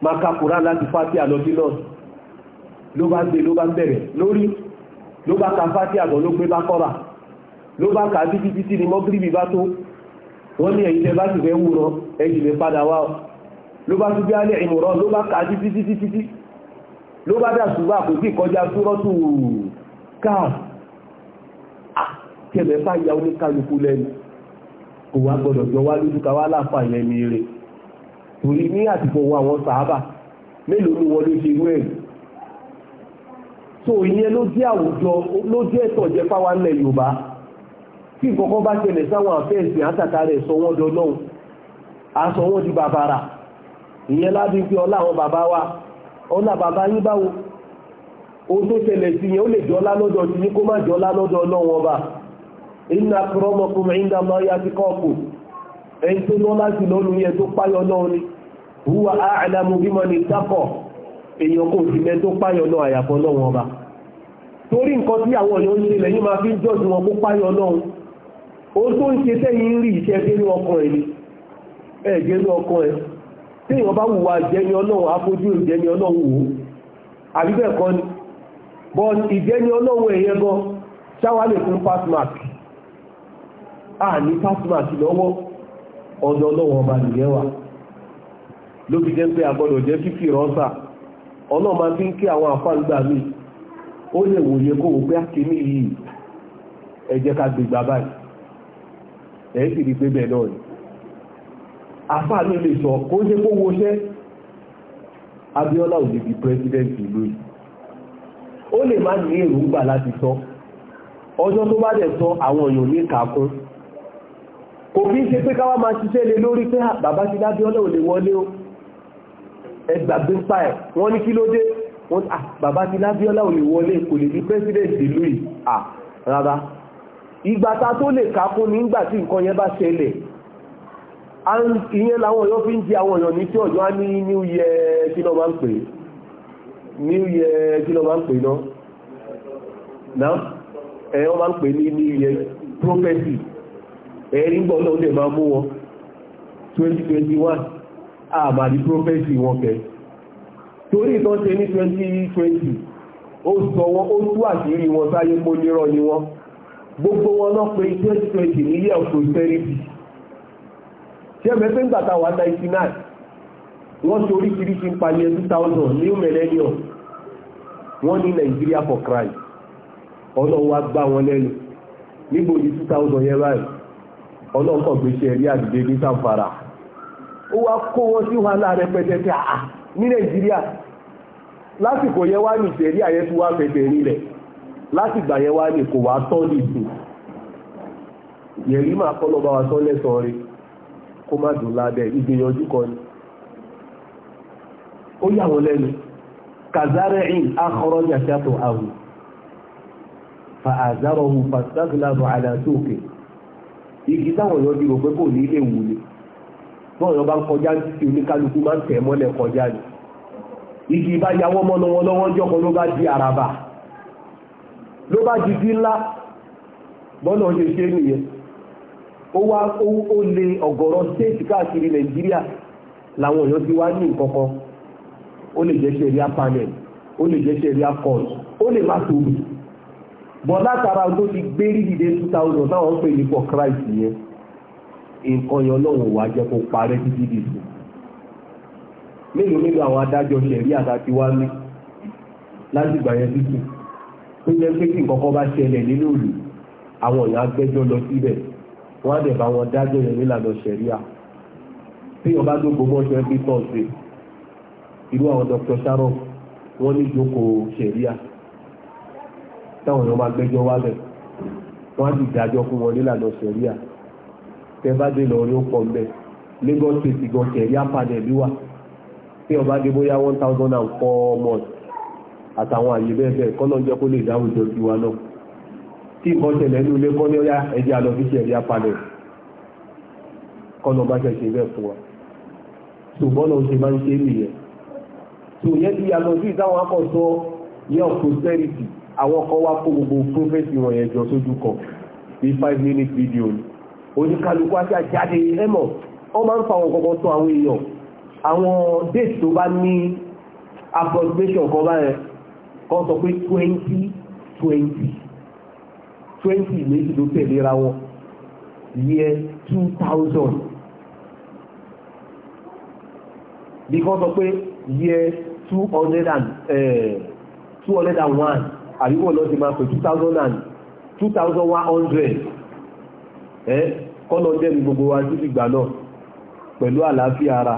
máa ka Kùránì láti fàtí àlọ́bí náà ló bá gbé ló bá bẹ̀rẹ̀ lórí ló bá ka fàtí àbọ̀ ló gbé bá kọ́ra ló bá ka títí títí ni mọ́gírìbì bá tó wọ́n ní ẹ̀yìn tẹ́ bá sì fẹ́ wúrọ ẹ̀yìn lè padà wá ló bá tún bí alẹ́ ìmọ̀ràn ló bá ka títí títí títí ló bá dà ṣùgbọ́n àkókò ìkọjá súrọ́tù káà kẹ̀mẹ́fà ya oníkálukú lẹ́nu kò wá gbọ́dọ̀ jọ wá lójú ká wá láǹfààní ẹni rẹ̀ torí ní àtìkò wọn àwọn sàábà mélòó ló wọlé ṣe irú ẹ̀rí so ìyẹn ló jẹ́ àwùjọ ló jẹ́ ẹ̀tọ́ jẹ́ fáwa ńlẹ̀ Yorùbá tí nǹkan bá ṣẹlẹ̀ sáwọn àfẹ́ẹ̀sì àtàtà rẹ̀ sọ wọ́n dọ́lọ́hùn aṣọ wọ́n di bàbàrà ìyẹn lábí pé ọlá àwọn bàbá wa ọlá bàbá yín báwo ohun tó ṣẹlẹ̀ sí yẹn ó lè jọlá lọ́dọ̀ sí yín kó má jọlá lọ́dọ̀ ọlọ́wọ́n ọba inna akramakum inda Allahi atqakum ẹni tó lọ́lá sí lọ́nu yẹn tó páyọ náà ni huwa a'lamu bimani ittaqa èèyàn kò sì mẹ́ tó páyọ náà àyàfọ́ náà wọn bá torí nǹkan tí àwọn èèyàn ń ṣe lẹ́yìn máa fi ń jọ́jú wọn kó páyọ náà ohun tó ń ṣe sẹ́yìn ń rí iṣẹ́ gẹ́rú ọkàn ẹ̀ ni ẹ̀ gẹ́rú ọkàn ẹ̀ tí èèyàn bá wùwà jẹni ọlọ́run afójú ìjẹni ọlọ́run wò àbí bẹ́ẹ̀ ni but ìjẹni ọlọ́run ọdọ ọlọ́wọ́ ọba nìyẹn wà ló fi jẹ́ pé agbọ́dọ̀ jẹ́ fífi rọ́sà ọlọ́run máa fi ń kí àwọn àfáàgbà mi ó lè wòye kó wò pé àkíní yìí ẹ jẹ́ ká gbègbà báyìí rí pé bẹ́ẹ̀ náà ni àfáà sọ kó jẹ́ kó wọṣẹ́ Abiola di president ìlú yìí ó lè má ní èròǹgbà láti sọ ọjọ́ tó bá dẹ̀ sọ àwọn kò bí ṣe pé káwá máa ṣiṣẹ́ lé lórí pé ah, bàbá ti dábí ọlọ́ òlè wọlé o ẹgbàgbé pa ẹ̀ wọ́n ní kí ló dé wọ́n ah bàbá ti lábí ọlá òlè wọlé kò lè di president ìlú yìí ah rárá ìgbà ta tó lè kà fún nígbà tí nǹkan yẹn bá ṣẹlẹ̀ ìyẹn làwọn èèyàn fi ń di àwọn èèyàn ní tí ọ̀yọ́ á ní new year kí ló máa ń pè new year kí ló máa ń pè ní new year prophecy ẹ̀rí gbọ́nà lè máa mú wọn 2021 àmàrí prọfẹ́sì wọn kẹ torí ìtọ́ ṣe ní 2020 ó sọ wọn ó tú àṣírí wọn sáyé pó nírọ́ ni wọn gbogbo wọn náà pé 2020 ní year of prosperity ṣé mẹ́fẹ́ ńgbà táwa 99 wọ́n ṣe oríṣiríṣi ń palẹ̀ 2000 new millennium wọ́n ní Nigeria for Christ ọlọ́wọ́ gbá wọn lẹ́nu níbo ni 2000 yẹn báyìí ọlọ́kọ̀ gbé ṣe ẹ̀rí àdìdé ní sàǹfàrà ó wá kó wọn sí wàhálà rẹpẹtẹ pé àà ah, ah, ní nàìjíríà lásìkò yẹn wá ní ìṣẹ̀rí àyẹ́ tó wá fẹ̀tẹ̀ rílẹ̀ látìgbà yẹn wá ní kò wá tọ́ ní ìsìn yẹ̀rí máa kọ́ lọ́ba wa tán lẹ́sàn rí kó má dùn lábẹ́ ìgbìyànjú kan ni ó yà wọ́n lẹ́nu kazarẹ́ìn akọrọ́ ní àṣàtọ̀ àwù fa àzárọ̀hù fàtàkìlàbọ̀ àdàtòkè igi táwọn èèyàn ti rò pé kò ní lè wù ni bọ́ọ̀ lọ bá ń kọjá títí oníkálukú máa ń tẹ̀ mọ́lẹ̀ kọjá ni igi bá yàwọ́ mọ́ lọ́wọ́ lọ́wọ́ jọ́kọ́ ló bá di àràbà ló bá di bí ńlá bọ́nà ṣe ṣe nìyẹn ó wá ó lé ọ̀gọ̀rọ̀ stéètì káàkiri nàìjíríà làwọn èèyàn ti wá ní nǹkankan ó lè jẹ́ ṣẹ̀ríà panel ó lè jẹ́ ṣẹ̀ríà court ó lè má tóbi bọ̀ látara tó ti gbé rídìde two thousand táwọn ń pè ní for Christ yẹn nǹkan yẹn ọlọ́run wàá jẹ́ kó parẹ́ títí dìbò mélòó mélòó àwọn adájọ́ ṣẹ̀rí àtàkì wá ní láti gbà yẹn títì tó jẹ́ pé kí nǹkan kan bá ṣẹlẹ̀ nínú ìlú àwọn èèyàn agbẹ́jọ́ lọ síbẹ̀ wọ́n á dẹ̀ bá wọn dájọ́ yẹn nílànà ṣẹ̀rí à tí ọba tó gbogbo ọṣọ ẹbí tọ̀sẹ̀ irú àwọn Dr. Sharon wọ́n ní ìjókòó ṣẹ̀rí à táwọn èèyàn máa gbẹ́jọ́ wálẹ̀ wọ́n á sì dájọ́ fún wọn nílànà sẹ̀ríà tẹ́ bá dé lọ́ọ́ rí ó pọ̀ mbẹ́ Lagos state gan sẹ̀ríà padà bí wà tí ọba dé bóyá one thousand and four months àtàwọn àyè bẹ́ẹ̀ bẹ́ẹ̀ kọ́ náà jẹ́ kó lè dáhùn jọ sí wa náà tí nǹkan ṣẹlẹ̀ ní ilé kọ́ ní ọ̀yá ẹ̀jẹ̀ àlọ́ fi sẹ̀ríà padà kọ́ náà bá ṣe ṣe bẹ́ẹ̀ fún wa ṣùgbọ́n náà ṣe máa ń ṣe nìyẹn tòyẹ́ ti yàtọ̀ sí ìtàwọn akọ̀sọ yẹ́ of prosperity àwọn kan wá kó gbogbo prophecy wọn yẹn jọ sójú kan bíi five minute video ni oníkálukú àti àjáde ẹmọ wọn máa ń fa àwọn kọkọ tó àwọn èèyàn àwọn date tó bá ní approximation kan báyẹn kan sọ pé twenty twenty twenty méjì ló tẹ̀léra wọn year two thousand bí kan sọ pé year two hundred and eh, two hundred and one àríwọ̀ lọ́ti máa pè 2000 2100 ẹ́ kọ́lọ̀ jẹ́ ní gbogbo wa sí ìgbà náà pẹ̀lú àlàáfíà ara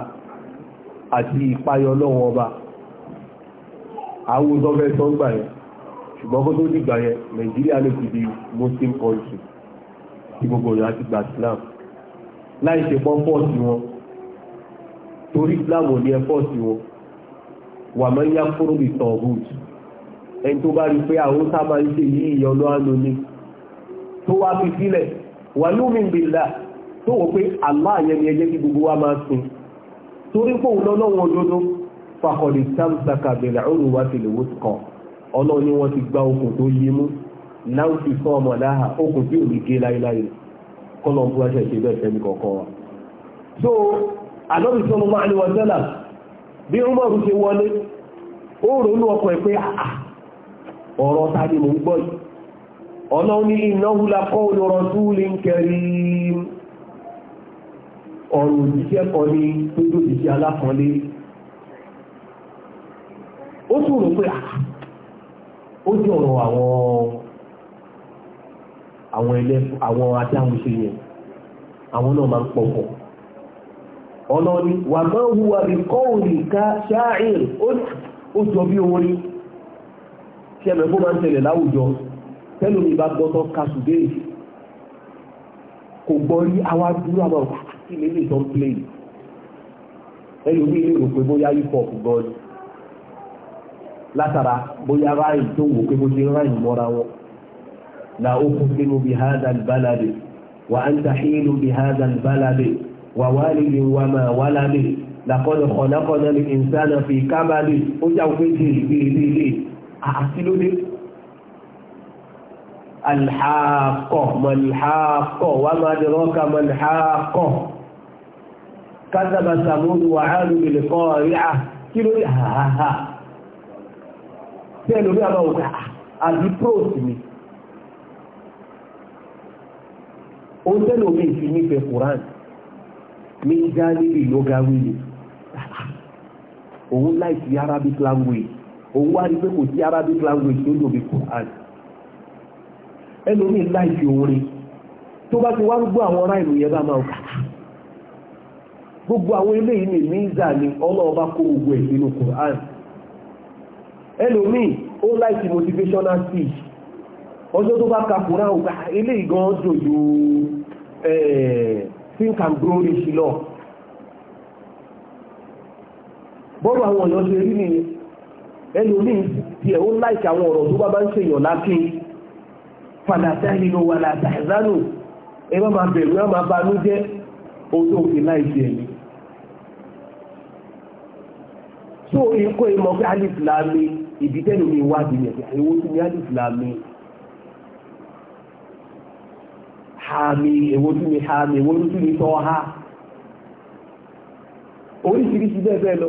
àti ìpayọ lọ́wọ́ ọba àwọn ọ̀fẹ́ sọ́ngbà yẹn ṣùgbọ́n kó tó dìgbà yẹn Nàìjíríà lè fi di Muslim country tí gbogbo ìyá ti gbà Islam láì ṣe pọ́ fọ́ọ̀sì wọn torí Islam ò ní ẹ fọ́ọ̀sì wọn wà máa ń yá kúrò bí tọ̀ọ̀gùtù ẹni tó bá rí pé àwọn tá máa ń ṣe yí ìyọnu àánú ni tó wá fi sílẹ̀ wà lómi bìlà tó wò pé Allah yẹn ni ẹjẹ́ gbogbo wa máa sìn torí pé òun lọ́nà wọn samsaka bẹ̀rẹ̀ òun wá fi lè kọ̀ ti gba okùn tó yé mú láwọn ti sọ ọmọ láhà okùn tí ò ní gé láéláé kọ́lọ̀ bú bẹ́ẹ̀ so máa bí ṣe wọlé ó ọ̀rọ̀ ta ni mò ń gbọ́ yìí ọlọ́run ní innahu la qawlu rasulin karim ọ̀rọ̀ òjíṣẹ́ kan ní tó dòdì sí alákanlé ó tún rò pé ah, ó jẹ́ ọ̀rọ̀ àwọn àwọn ilé àwọn yẹn àwọn náà máa ń pọ̀pọ̀ ọlọ́ni wà máa ń huwa ìkọ́ òní ká ṣááìr ó jọ bí orin tí ẹ̀mẹ̀ kó máa ń tẹ̀lẹ̀ láwùjọ tẹ́lú mi bá gbọ́tọ́ kásùdé kò gbọ́ rí àwa dúró àwọn ah, kí lè lè tán play ẹ̀yọ́ mi lè rò pé bóyá hip hop gan ni látara bóyá ráyìn tó wò pé bó ṣe ráyìn mọ́ra wọn la ó kún sínú bí hádà balade wà á ń ta hínú bí hádà balade wà wá lè lè wà máa wá lálẹ́ làkọ́ni kọ̀nàkọ̀nà ní ìsánà fi kábàlì ó jà wípé jèrè bí ilé ilé àti lóde alhaakọ̀ malhaakọ̀ wà máa dẹ̀rọ ka malhaakọ̀ kázàbà sàmúlù wà áàrùn ìlẹ̀kọ́ rí à kí ló rí àhàhà tí ẹlòmí àbá òkè àbí próòsì ni ó tẹ́lòmí ìfi nífẹ̀ẹ́ Quran ní jáde ìlógáwí ni òun láìsí Arabic language òun wá rí pé kò sí arabic language tó lòbí quran ẹlòmíì láìsí orin tó bá ti wá àwọn ará ìlú gbogbo àwọn eléyìí ní míza ni ọlọ́ọ̀bá kó gbogbo ẹ̀ sínú quran ẹlòmíì ó láìsí motivational speech ọjọ́ tó bá ka quran ọ̀gá eléyìí gan and grow rich lọ bọ́ọ̀lù àwọn ṣe ẹnu ní tiẹ̀ ó láìka àwọn ọ̀rọ̀ tó bá bá ń ṣèyàn lákè fàlàtà ìlú wà láta ìzánù ẹ má máa bẹ̀rù ẹ máa banú jẹ́ ohun tó láìsí ẹ̀mí. tó ikú ìmọ̀ pé alif lami ìdí tẹ́lẹ̀ mi wá sí ẹ̀sẹ̀ àìwó sí ní alif lami hami èwo tún ni hami èwo tún ni tọ́ ha oríṣiríṣi bẹ́ẹ̀ bẹ́ẹ̀ lọ.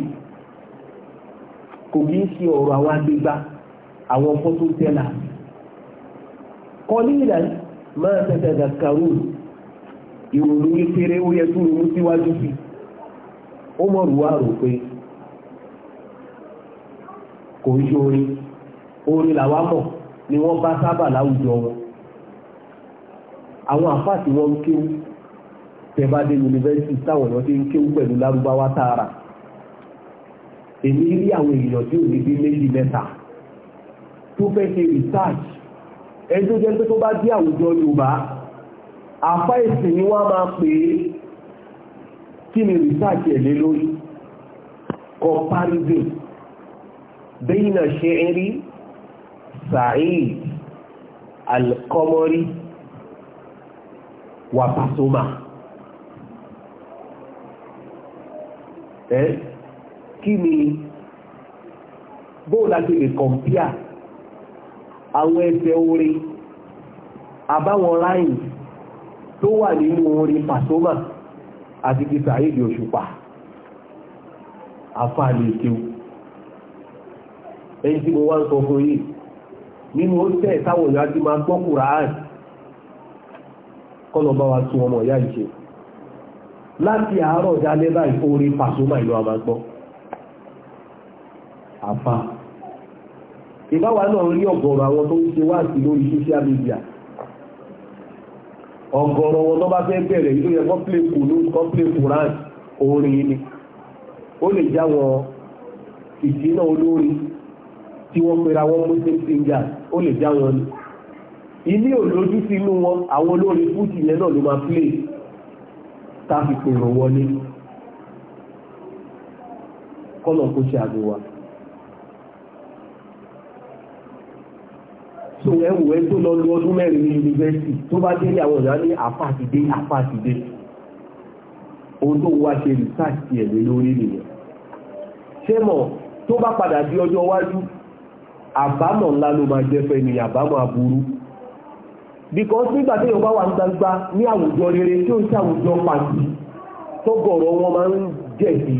kò kí ń ṣe ọ̀rọ̀ àwọn agbègbà àwọn fọ́tò tẹ́là kọ́lí ìlànà máa tẹ̀tẹ̀ dàkàrú ìrònú ìfèrè ó yẹ tó ronú síwájú sí ó mọ̀ rúwá rò pé kò ń ṣe orin orin làwa mọ̀ ni wọ́n bá sábà láwùjọ wọn àwọn àfáà tí wọ́n ń kéwú tẹ̀ bá dé yunifásitì táwọn ọ̀nà ti ń kéwú pẹ̀lú lárúbáwá tààrà èmi rí àwọn èèyàn tí ò ní bí méjì mẹ́ta tó fẹ́ ṣe research ẹni tó jẹ́ pé tó bá dé àwùjọ Yorùbá àfá ìsìn ni wọ́n máa pè é kí ni research ẹ̀ lé lórí comparison bẹ́yìn náà ṣe ń rí Saheed Alkomori wa Pasuma. Eh? kí ni bóòlá ti lè kọ̀mpíà àwọn ẹsẹ̀ orin àbáwọn ráyìn tó wà nínú orin pàtómà àti ti sàáyèdè òṣùpá àfààní ìkéwù èyí tí mo wá ń sọ fún yìí nínú oúnjẹ táwọn ìyá ti máa gbọ́ kùràán kọ́nà bá wa tún ọmọ ìyá ìṣe láti àárọ̀ dálẹ́ báyìí orin pàtómà ìlú àmàgbọ́n àfa ìbáwa náà rí ọ̀gọ̀rọ̀ àwọn tó ń se wá sí lórí social media ọ̀gọ̀rọ̀ wọn tó bá fẹ́ bẹ̀rẹ̀ ìlú yẹ kọ́pìlẹ̀ kùnú kọ́pìlẹ̀ kùrán orin ni ó lè já wọn ìṣínà olórin tí wọ́n pera wọn muslim singers ó lè já wọn ni ilé òlójú sínú wọn àwọn olórin fújì yẹn náà ló máa play tá a fi pèrò wọlé kọ́nà kó ṣe àgbéwá. tó ẹwù ẹ tó lọ lu ọdún mẹ́rin ní yunifásitì tó bá délé àwọn ọ̀dọ́ ní àpáàtìdé àpáàtìdé ohun tó wá ṣe rìsáàtì ẹ̀mí lórí nìyẹn ṣé mọ̀ tó bá padà di ọjọ́ iwájú àbámọ̀ ńlá ló máa jẹ́ fẹ́ ni àbámọ̀ aburú because nígbà tí yorùbá wà gbangba ní àwùjọ rere tí ó ń ṣe àwùjọ pàtì tó gọ̀rọ̀ wọn máa ń jẹ̀bi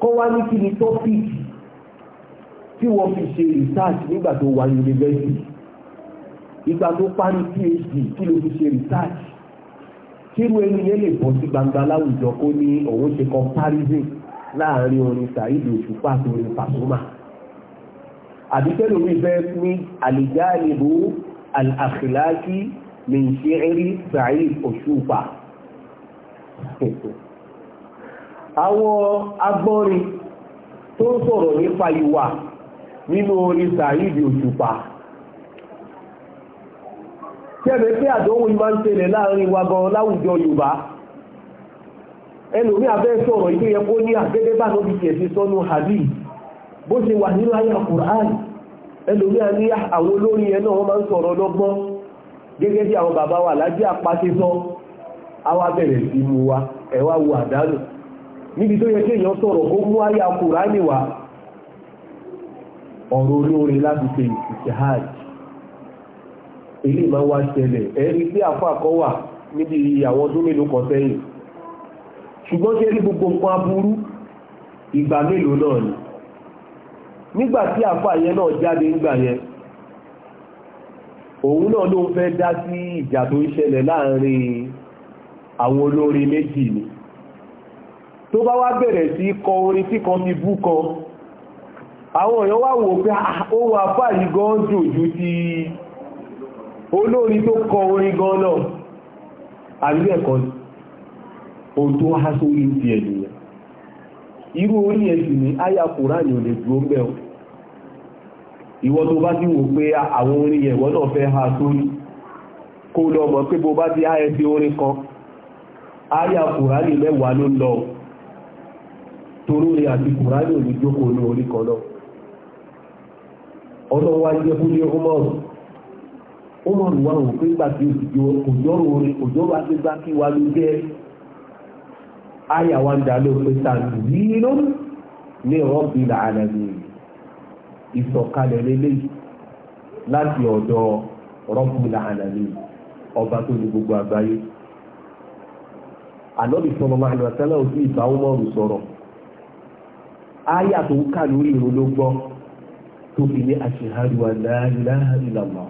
kọ́ wá ní kí ni tọ́pìkì tí wọ́n fi ṣe research nígbà tó wà yunifásitì ìgbà tó parí phd kí ló fi ṣe research kíru ẹni yẹn lè bọ́ sí gbangba láwùjọ kó ní òun ṣe comparison láàrin orin sàìdì òṣùpá àti orin pàṣọmà àbíkẹ́lò mi fẹ́ ní àlìjáàlìbó àkìláàkì lè ṣe eré sàìdì òṣùpá àwọn agbọ́nrin tó ń sọ̀rọ̀ nípa ìwà nínú orin sàìdì òṣùpá tẹ́bẹ̀ pé àdánwò yìí máa ń tẹ̀lẹ̀ láàrin wa gan láwùjọ Yorùbá ẹlòmí abẹ́ sọ̀rọ̀ ìgbé yẹ kó ní àgẹ́gẹ́ bá ló fi tiẹ̀ sí sọ́nù hadi bó ṣe wà nínú ayé Kùránì ẹlòmí àní àwọn olórí ẹ náà wọ́n máa ń sọ̀rọ̀ lọ́gbọ́n gẹ́gẹ́ bí àwọn bàbá wa lájẹ́ sọ àwa bẹ̀rẹ̀ sí mu wa ẹ̀ wá wo àdánù níbi tó yẹ sọ̀rọ̀ mú ayé ọ̀rọ̀ olóore láti ṣe èyí máa wá ṣẹlẹ̀ ẹ̀rí sí àfà kan wà níbi àwọn ọdún mélòó kan sẹ́yìn ṣùgbọ́n ṣe rí gbogbo nǹkan aburú ìgbà mélòó náà ni nígbà tí àfà yẹn náà jáde ńgbà yẹn òun náà ló ń fẹ́ dá sí ìjà tó ń ṣẹlẹ̀ láàrin àwọn olórin méjì ni tó bá wá bẹ̀rẹ̀ sí kọ orin tí kan ti bú kan àwọn èèyàn wá wò pé ah, ohun àfà yìí gan dùn ju ti olórin tó kọ orin gan náà àríwẹ̀ ohun tó há sórí ti di ya. irú orí ẹ̀sìn ní àyà kùránì ò lè dúró mẹ́ o tó bá ti wò pé àwọn orin yẹn náà fẹ́ há sórí kó lọ mọ̀ pé bó bá ti há orin kan àyà kùránì mẹ́wàá ló lọ àti kùránì ò ó mọ̀ ní wọ́n pé gbà tí òjò òjòrò orin òjòrò agbégbá kí wa ló jẹ́ àyàwó ń dalẹ̀ òpin tàbí nínú ní rọ́bì làálàmì ìsọ̀kalẹ̀ lélẹ́yìí láti ọ̀dọ̀ rọ́bì làálàmì ọba tó ní gbogbo àgbáyé ànábì sọ̀rọ̀ máa lọ sẹ́lẹ̀ òsì ìbáwọ́mọ̀rù sọ̀rọ̀ áyà tó ń kà lórí ìrònú gbọ́ tó fi ní ashhadu an la ilaha illallah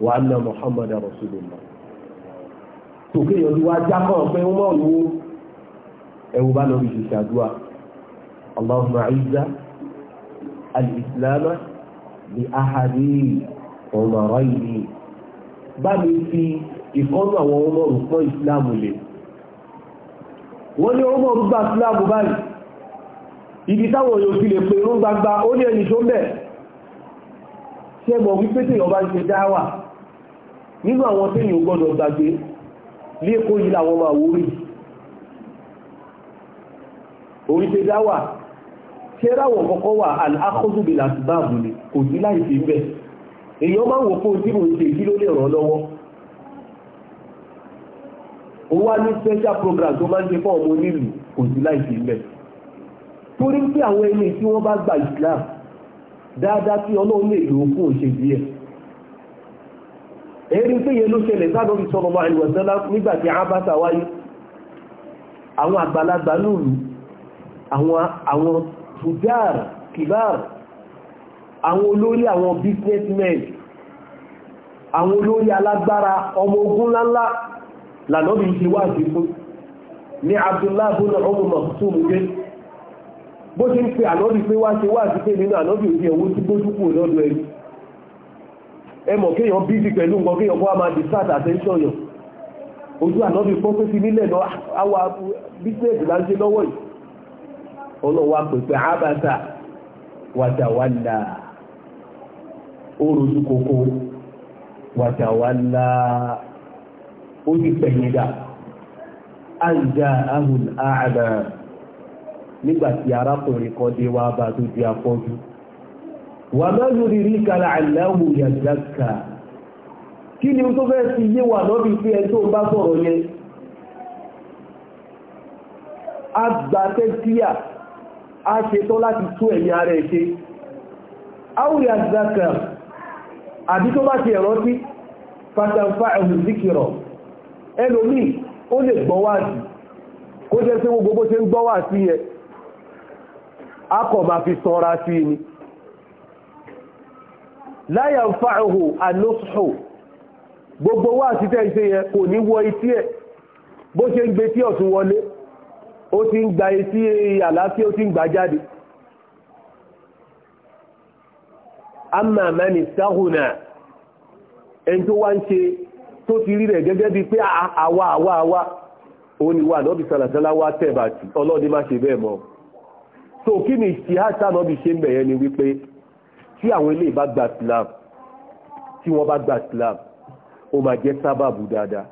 wà á nà Muhammad rasulullah tòkè yọjú wa jákọ̀ pé wọ́n mọ̀ wò ẹ̀wù bá lọ́ọ́ fi ṣàdúrà allahumma aiza al-islam bi ahadi ọmọọrọ yìí bá mi fi ìkọ́nù àwọn ọmọ òrùpọ̀ ìsìláàmù lè wọ́n ní ọmọ òrùgbà ìsìláàmù báyìí ibi táwọn yóò fi lè pè irun gbangba ó ní ẹni tó mẹ́ ṣe mọ̀ wípé tí ìyọba ń ṣe dáwà nínú àwọn tí èyàn gbọ́dọ̀ gbàgbé lẹ́kọ́ yìí làwọn máa wórí orí tẹ dáwà tí ẹráwọ̀ kọ́kọ́ wà alákọ́sùnbì láti báàbù ni kò sí láì sí bẹ̀ èyàn máa wò fún tí mo ṣe kí ló lè ràn lọ́wọ́ ó wá ní special program tó máa ń ṣe fún ọmọ onílù kò sí láì sí bẹ̀ torí pé àwọn ẹni tí wọ́n bá gba Islam dáadáa tí ọlọ́run lè lò fún òṣèlú yẹn èrí pé yẹn ló ṣẹlẹ̀ sádọ́bí sallallahu alaihi wasallam nígbàtí Abasa wáyé àwọn àgbàlagbà lóòlù àwọn fùjáàr kìbáàr àwọn olórí àwọn businessmen àwọn olórí alágbára ọmọ ogun ńláńlá lànàbí ṣe wá sí ní Abdullah bin Umar Maktum dé bó ṣe ń pe ànọ́bí pé wá ṣe wá sí pé nínú ànọ́bí òfin ẹ̀wọ́ tí gbójúkù lọ́dọ̀ ẹni ẹmọ̀ kéèyàn bíbí pẹ̀lú nǹkan kéèyàn kó a máa distract attention yàn ojú ànábì pọ́ pé ti nílẹ̀ lọ lọ́wọ́ yìí ọlọ́wà kòkó pẹ̀yìndà àjà ahùn nígbàtí arákùnrin kan dé wá wà máa lórí rí kàrà àìláwò yàjáka kí ni tó fẹ́ sí yé wà lọ́bí pé ẹ tó bá sọ̀rọ̀ yẹn a gbà tẹ́tíyà a ṣetán láti tó ẹ̀mí ara ẹ̀ ṣe áwùrí àjáka àbí tó bá ti ẹ̀rántí fàtàǹfà ẹ̀hùn síkìrọ̀ ẹlòmí ó lè gbọ́wàásì kó jẹ́ sí gbogbo ṣe ń gbọ́wàásì yẹn a kọ̀ máa fi sanra sí ni láyà ń fa òhò ànóṣò gbogbo wá àtìtẹ́ ìṣe yẹn kò ní wọ etí ẹ̀ bó ṣe ń gbé tí ọ̀tún wọlé ó ti ń gba etí àlàáfíà ó ti ń gbà jáde amma mani sáhùnà ẹni tó wá ń ṣe tó ti rí rẹ̀ gẹ́gẹ́ bíi pé àwa àwa àwa ó ní wà nọ́bì sàlàsálà wá tẹ̀bàtì ọlọ́ọ̀ni má ṣe bẹ́ẹ̀ mọ́ so kí ni ìṣìhá sá ṣe ń bẹ̀yẹn ni wípé tí àwọn ilé ìbá gba Islam tí wọ́n bá gba Islam ó máa jẹ́ sábàbù dáadáa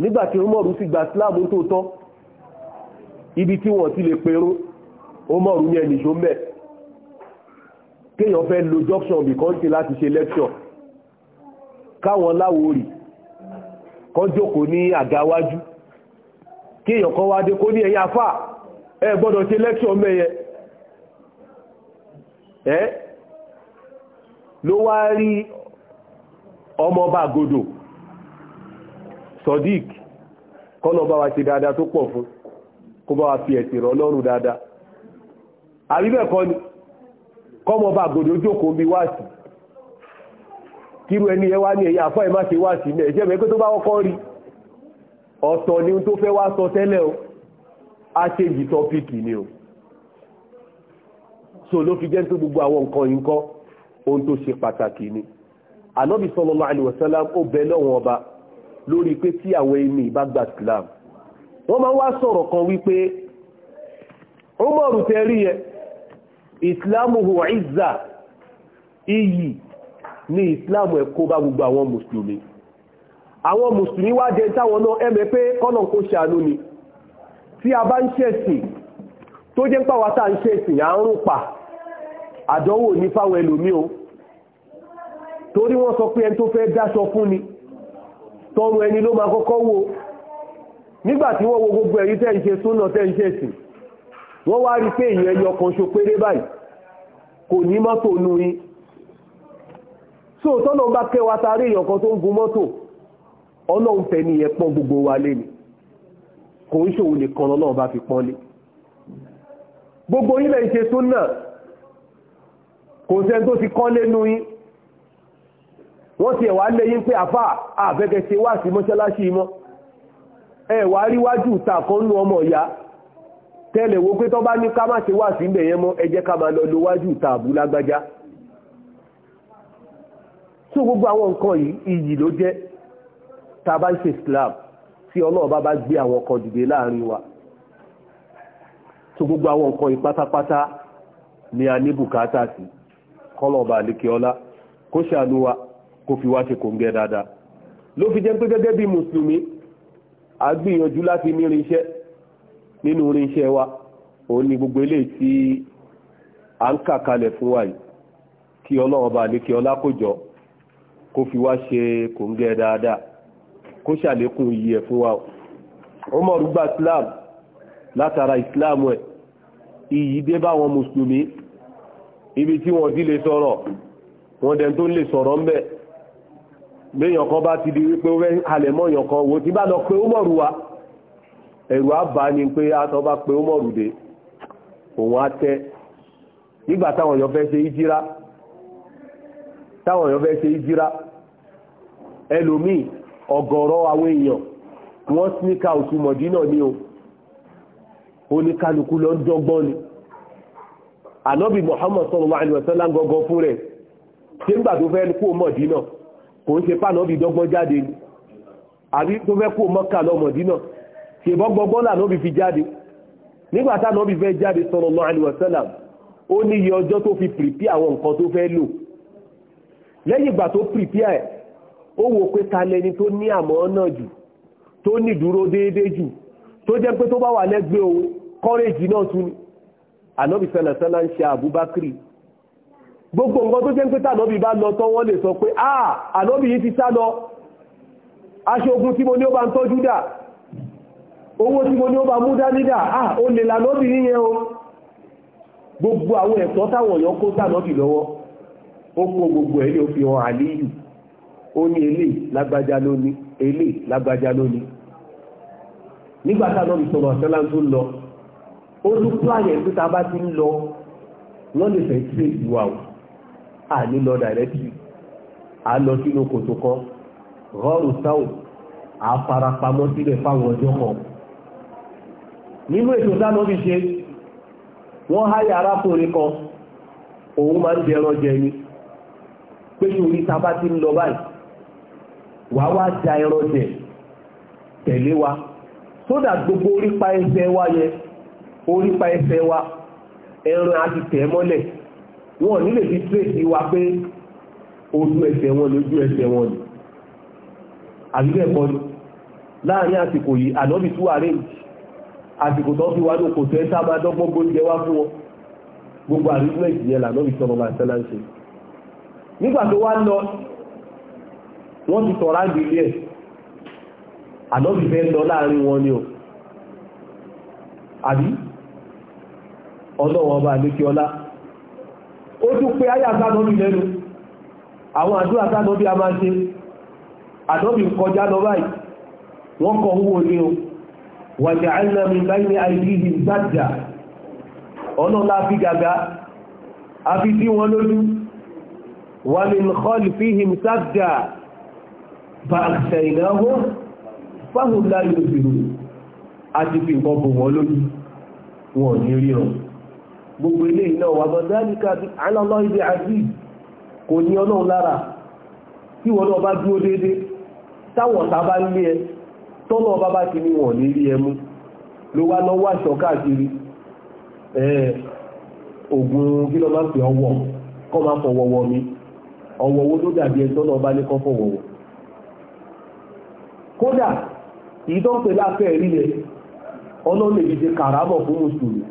nígbà tí Umaru sì gba Islam tó tọ́ ibi tí wọ́n ti lè perú Umaru ní ẹni ṣó mẹ́ kéèyàn fẹ́ lo junction bìkan ṣe láti ṣe lecture káwọn láwòrì kan jókòó ní àgáwájú kéèyàn kan wá dé kó ní ẹ̀yà fà ẹ gbọ́dọ̀ ṣe lecture mẹ́yẹ ló wá rí ọmọọba àgòdò sodiq kọ́nà bá wa ṣe dáadáa tó pọ̀ fún kó bá wa fi ẹ̀sìn lọ́rùn dáadáa àríbẹ̀kọ́ ni kọ́mọba jókòó bí wáàsì kíru ẹni ẹwà ní ẹ̀yà ẹ̀ má ṣe wáàsì tó bá wọ́kọ́ rí ọ̀tọ̀ ni tó fẹ́ wá o á ṣe tọ́pìkì ni o so ló fi jẹ́ tó gbogbo àwọn nǹkan yìí kọ́ ohun tó ṣe pàtàkì ni ànábì sallallahu alaihi wasallam ó bẹ lọ́wọ́n ọba lórí pé tí àwọn ẹni bá gba Islam wọ́n máa wá sọ̀rọ̀ kan wípé Umaru tẹ́rí yẹ ìsìláàmù huwa ìzà iyì ni ìsìláàmù ẹ̀ kó bá gbogbo àwọn mùsùlùmí àwọn mùsùlùmí wá jẹ táwọn náà ẹ̀mẹ́ pé kọ́nà kó ṣàánú ni tí a bá ń ṣẹ̀sìn tó jẹ́ pàwátà ń ṣẹ̀sìn à ń rùn pa àdánwò ní fáwọn ẹlòmí o torí wọ́n sọ pé ẹni tó fẹ́ dáṣọ fún ni tọrọ ẹni ló máa kọ́kọ́ wo nígbà tí wọ́n wo gbogbo ẹ̀yí tẹ́ ń ṣe súnà tẹ́ ń ṣe sí wọ́n wá rí pé èèyàn ẹyọ kan ṣo péré báyìí kò ní mọ́tò ní gbogbo wa lé ni kò ń ṣòwò nìkan lọ́nà bá fi kò sẹ́ni tó ti kọ́ lẹ́nu yín wọ́n ti ẹ̀wà lé yín pé àfà àfẹ́kẹ́ ṣe wá sí mọ́ṣáláṣí mọ́ ẹ wà á ríwájú ta kan nu ọmọ ìyá tẹ́lẹ̀ wo pé tó bá ní ká má ṣe wá sí ibẹ̀ yẹn mọ́ ẹ jẹ́ ká máa lọ lo wájú ta àbú lágbájá tó gbogbo àwọn nǹkan yìí iyì ló jẹ́ tá bá ń ṣe Islam tí Ọlọ́run bá bá gbé àwọn kan dìde láàrin wa tó gbogbo àwọn nǹkan yìí pátápátá ni a ní bùkátà sí kọlọ ọba àlékè ọlá kó ṣàánú wa kó fi wá ṣe dáadáa ló fi jẹ́ pé gẹ́gẹ́ bí mùsùlùmí a láti ní irinṣẹ́ nínú irinṣẹ́ wa òun ni gbogbo ilé tí a ń kà kalẹ̀ fún wa yìí kí ọlọ́run ọba àlékè kò jọ kó fi wá ṣe dáadáa kó ṣàlékún iyì gba islam látara islam ẹ̀ dé ibi tí wọ́n ti lè sọ̀rọ̀ wọ́n dẹ̀ tó ń lè sọ̀rọ̀ ń bẹ̀ béèyàn kan bá ti di wípé ó fẹ́ halẹ̀ mọ́ èèyàn kan wo ti bá lọ pé ó mọ̀rù wa ẹ̀rù àbá ni pé aṣọ bá pé ó mọ̀rù dé òun á tẹ́ nígbà táwọn èèyàn fẹ́ ṣe ìjírá táwọn èèyàn fẹ́ ṣe ìjírá ẹlòmíì ọ̀gọ̀rọ̀ àwọn èèyàn wọ́n sníkà òtún mọ̀dínà ni o oníkálukú lọ ń dọ́gbọ́n ni ànábì muhammadu sallallahu alaihi wasallam gọgọ fún rẹ̀ ṣé ń gbà tó fẹ́ kú mọ̀dínà kò ń ṣe pànábì dọ́gbọ́n jáde ni àbí tó fẹ́ kú mọ́kà lọ mọ̀dínà nábì fi jáde nígbà tá nábì fẹ́ jáde iye ọjọ́ tó fi pìrìpì àwọn nǹkan tó fẹ́ lò lẹ́yìn ìgbà tó pìrìpì ẹ̀ ó pé ta lẹni tó ní àmọ́ náà jù tó ní dúró déédéé jù tó jẹ́ pé tó bá o kọ́rẹ́jì náà ànábì sẹ́lẹ̀sẹ́lá ń ṣe àbúbákìrì gbogbo nǹkan tó jẹ́ ń pé tànábì bá lọ tán wọ́n lè sọ pé ah ànábì yìí ti sá lọ aṣọ ogun tí mo ní ó bá ń tọ́jú dà owó tí mo ní ó bá mú dání dà ah ó lè lànábì yíyẹn o gbogbo àwọn ẹ̀tọ́ táwọn èèyàn kó tànábì lọ́wọ́ ó kó gbogbo ẹ̀ ní òfin hàn àlíyù ó ní eléyìí lágbájá lónìí eléyìí lágbájá lónìí nígbà tànábì sọ̀rọ̀ àṣẹ́lá tó lọ ó ní pláàni ẹ̀ pé ta bá ti ń lọ wọ́n lè fẹ́ tí èyí wà ó à ní lọ dàrẹ́tì à lọ sínú kòtò kan rọrùn sáwò à farapamọ́ sílẹ̀ fáwọn ọjọ́ kan nínú ètò dáná fi ṣe wọ́n háyà arákùnrin kan òun máa ń jẹran jẹ ni pé orí ta bá ti ń lọ báyìí wà wá da ẹran jẹ tẹ̀lé wa sódà gbogbo orí pa ẹsẹ̀ wa orípa ẹsẹ̀ wa ẹran àti tẹ̀ mọ́lẹ̀ wọn nílè fi tírèsì wa pé ojú ẹsẹ̀ wọn lójú ẹsẹ̀ wọn ni àbílẹ̀ ẹ̀kọ́ ni láàrin àsìkò yìí ànọ́bì tún àrẹ́ǹjì àsìkò tó fi wá ní kò tẹ́ sábà dọ́gbọ́n gbóúnjẹ wá fún wọn gbogbo àríwẹ̀ ìjìyẹn lànọ́bì sọ̀rọ̀ máa tẹ́lá ń ṣe nígbà tó wá lọ wọ́n ti tọ̀rá ń dilé ẹ̀ ànọ́bì fẹ́ lọ láàrin wọn ni o àbí ọlọ́wọ́n bá lékí ọlá ó tún pé ayé àtàdọ́bì lẹ́nu àwọn àdúrà àtàdọ́bì a máa ṣe àdọ́bì kọjá lọ báyìí wọ́n kọ owó ní o wàjà àìlẹ́mì láìní àìdíhì gbájà ọlọ́lá fi gàgá a fi dí wọn lójú wà ní kọ́lì fi hìm sájà bá àṣẹ ìnáwó fáhùn láì lóṣèlú a fi nǹkan bò wọn lójú wọn ò ní ríran gbogbo ilé iná wà mọ̀ dáríkà alọ́lọ́ ibi aziz kò ní ọlọ́run lára tí wọ́n náà bá dúró déédé táwọn ọ̀tá lé ẹ ọba ti ní wọ̀n ní ẹmú ló wá lọ wá aṣọ ogun kí lọ máa pè ọwọ́ kọ́ máa fọwọ́wọ́ mi ọwọ́ owó ló ẹ ọba ní kọ́ fọwọ́wọ́ kódà fún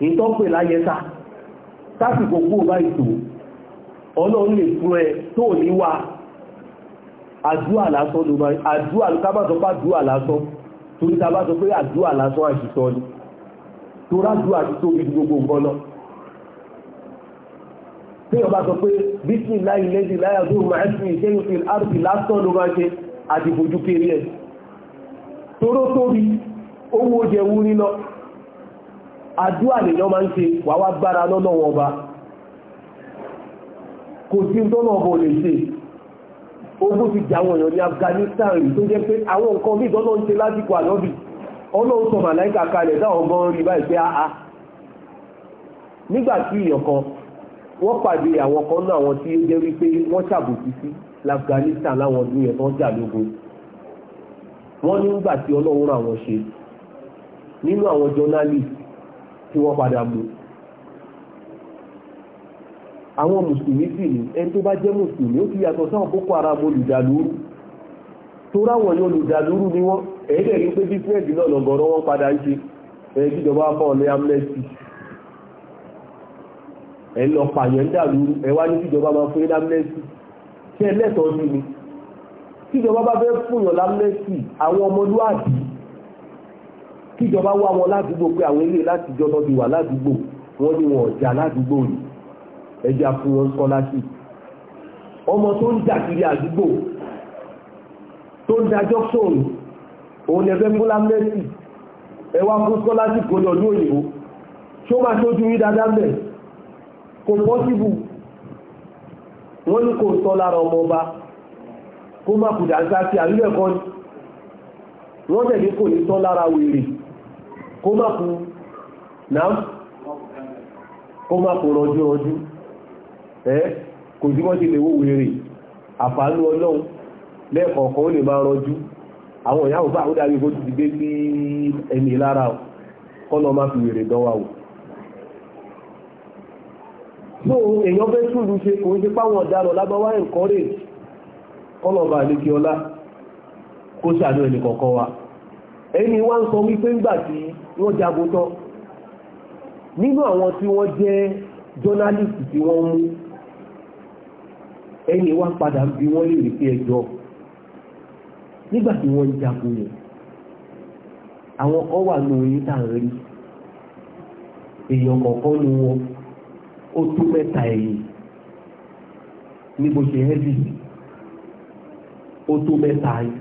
èyí tó pè láyé sá sásìkò kú bá ìtò ọlọ́run lè fún ẹ tó ní wà àdúà lásán ló máa àdúà kábàtọ̀ pá àdúà lásán torí kábàtọ̀ pé àdúà lásán àṣìṣọ́ ni tó rájúà ti tóbi gbogbo nǹkan lọ tí ọba sọ pé bísí láì lẹ́dí láyà tó lọ àdúrà lèyàn máa ń ṣe wà wá gbára lọ́nà wọn ọba kò sí tọ́nà ọba lè ṣe ogun ti jà èèyàn ní Afghanistan rí tó jẹ́ pé àwọn nǹkan bí ìtọ́nà ń ṣe lásìkò àlọ́bì ọlọ́run sọ màláìkà kalẹ̀ dáwọn gan rí báyìí pé áá nígbà tí èèyàn kan wọ́n pàdé àwọn kan náà àwọn tí ó jẹ́ wípé wọ́n ṣàbòsí sí l'Afghanistan láwọn ọdún yẹn tó ń jà wọ́n nígbà tí ọlọ́run rà wọ́n ṣe nínú àwọn journalist tí wọ́n padà mú àwọn mùsùlùmí sì ní ẹni tó bá jẹ́ mùsùlùmí ó ti yàtọ̀ sáwọn boko haram olùdàlúrú tó ráwọn ní olùdàlúrú ni wọ́n ẹ̀ẹ́dẹ̀ ní pé bífẹ́ẹ̀dì náà lọ́gọ́rọ́ wọn padà ń ṣe ẹ̀ẹ́dìjọba fọ́ọ̀lẹ́ amnesty ẹ̀ lọ pààyàn dàlúrú ẹ̀ wá ní kíjọba máa fún amnesty ṣe ẹlẹ́tọ̀ọ́ bá fẹ́ fún amnesty kíjọba wá wọn ládùúgbò pé àwọn ilé látijọ́ tó ti wà ládùúgbò wọ́n ní wọn ọ̀jà ládùúgbò yìí ẹja fún wọn scholarship ọmọ tó ń jà kiri àdúgbò tó ń dájọ́ sóòrùn òun ẹgbẹ́ múlá mẹ́sì ẹwà fún scholarship kò lọ ní òyìnbó tí ó máa tójú rí dáadáa mẹ́ kò pọ́síbù wọ́n ní kò sọ lára ọmọ ọba kó má kùdà ń sá sí àrílẹ̀ kan wọ́n tẹ̀lé kò ní sọ lára wèrè kó má kú náà kó má kú rọjú rọjú ẹ́ kò sí wọ́n ti lè wó wèrè àfàánú ọlọ́run lẹ́ẹ̀kọ̀ọ̀kan ó lè máa rọjú àwọn ìyáwó bá ó dárí ojú ti gbé sí ẹni lára kọ́nà má fi wèrè dánwà wò so èèyàn fẹ́ túlù ṣe kò ń ṣe páwọn kọ́nà ẹni wá ń sọ wípé ngbàtí wọ́n jagun tán nínú àwọn tí wọ́n jẹ́ journalist tí wọ́n mú ẹni wá padà bí wọ́n lè rí pé ẹjọ́ nígbàtí wọ́n ń jagun yẹn àwọn kan wà ní oyin tá à ń rí èèyàn kọ̀ọ̀kan nu wọn ó tó mẹ́ta ẹ̀yìn ní bó ṣe hẹ́bì ó tó mẹ́ta ẹ̀yìn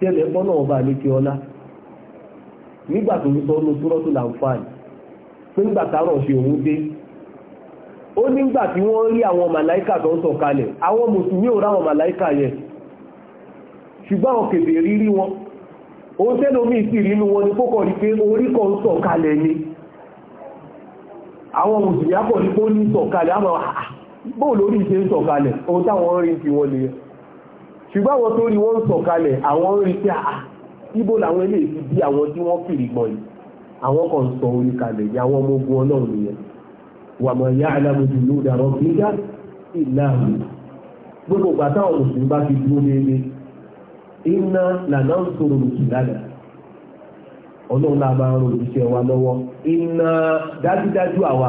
tẹ́lẹ̀ ẹ̀kọ́ náà bá ní kí ọlá nígbà tó ń sọ túrọ́tù làǹfààní pé nígbà táwọn ṣe òun dé ó nígbà tí wọ́n rí àwọn Màláíkà tó ń sọ kalẹ̀ àwọn mùsùlùmí ò ráwọn Màláíkà ṣùgbọ́n àwọn kèbè rírí wọn òun omi rínú wọn ni kókọ̀ pé orí kọ̀ ń sọ àwọn mùsùlùmí ṣùgbọ́n àwọn tó rí wọ́n ń sọ̀kalẹ̀ àwọn ń rí pé àà ah, ibo làwọn ilé ti bí àwọn tí wọ́n fìrì gbọ̀n yìí àwọn kan sọ orí kalẹ̀ yìí àwọn ọmọ ogun ọlọ́run nìyẹn wà mọ̀ ìyá alámojú ló dàrọ́ gbígbá ìlànà gbogbo ìgbà táwọn mùsùlùmí bá fi dúró léle iná làná ń sọ̀rọ̀ mùsùlùmí ọlọ́run náà máa ń ro ìṣiṣẹ́ wa lọ́wọ́ iná dájúdájú àwa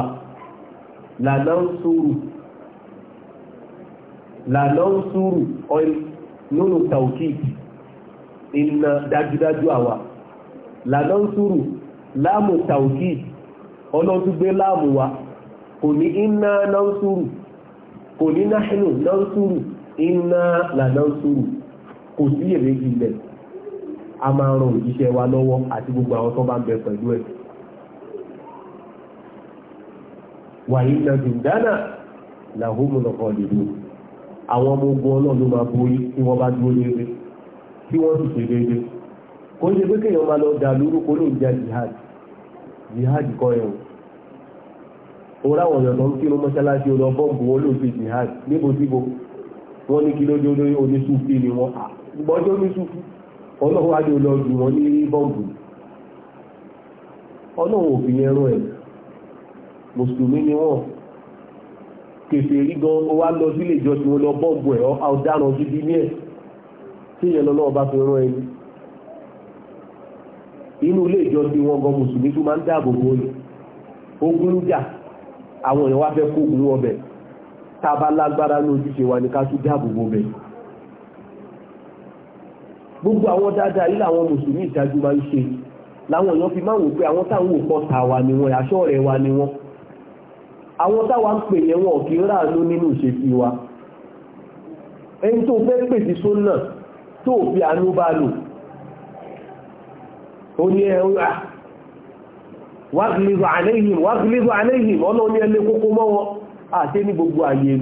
làná ń sọ̀rọ̀ làná ń sọ̀rọ̀ nínú taukid iná dájúdájú àwa lànà ń sùúrù láàmù taukid ọlọ́dúgbé láàmù wa kò ní iná náà ń sùúrù kò ní náhínú náà ń sùúrù iná lànà ń sùúrù kò sí èrèjì ilẹ̀ a máa ran òjíṣẹ́ wa lọ́wọ́ àti gbogbo àwọn tó bá ń bẹ pẹ̀lú ẹ̀ wàyí nàdùndánà làhùn mọ̀lọ́kọ̀ọ́dìdì àwọn ọmọ ogun ọlọ́run ló máa borí tí wọ́n bá dúró léde tí wọ́n sì ṣe léde kò ń ṣe pé kéèyàn máa lọ dà lóru lóun jẹ́ jihad jihad kọ ẹ̀ o òun láwọn ọ̀yàn tó ń kírun mọ́ṣáláṣí bọ́ọ̀bù wọn lóun ṣe jihad níbo síbo wọ́n ní kí oníṣùfì ni wọ́n gbọ́jọ́ oníṣùfì ọlọ́run lọ ni wọ́n kèfè rí gan ó wá lọ sílé ìjọsìn wọn lọ bọ́ọ̀bù ẹ̀ ọ̀daràn gidi ní ẹ̀ tí ìyẹn lọ́nà ọba fi rán ẹni inú ilé ìjọsìn wọn gan mùsùlùmí tó máa ń dáàbò bò ní ogun jà àwọn èèyàn wá fẹ́ kógun ọbẹ̀ tá a bá lágbára ní ojúṣe wa ni ká tún dáàbò bò bẹ̀ gbogbo àwọn dáadáa yìí làwọn mùsùlùmí ìdájú máa ń ṣe láwọn èèyàn fi máa wò pé àwọn táwọn òkọ àwọn táwa ń pè yẹn wọn kì í ráàánú nínú ìṣesí wa ẹni tó fẹ́ pè sí sónà tó fi àánú bá lò ó ní ẹ wàgìlìzọ àléhìn wàgìlìzọ àléhìn ọ̀nà oní ẹlẹ́ kókó mọ́ wọn àti ní gbogbo ààyè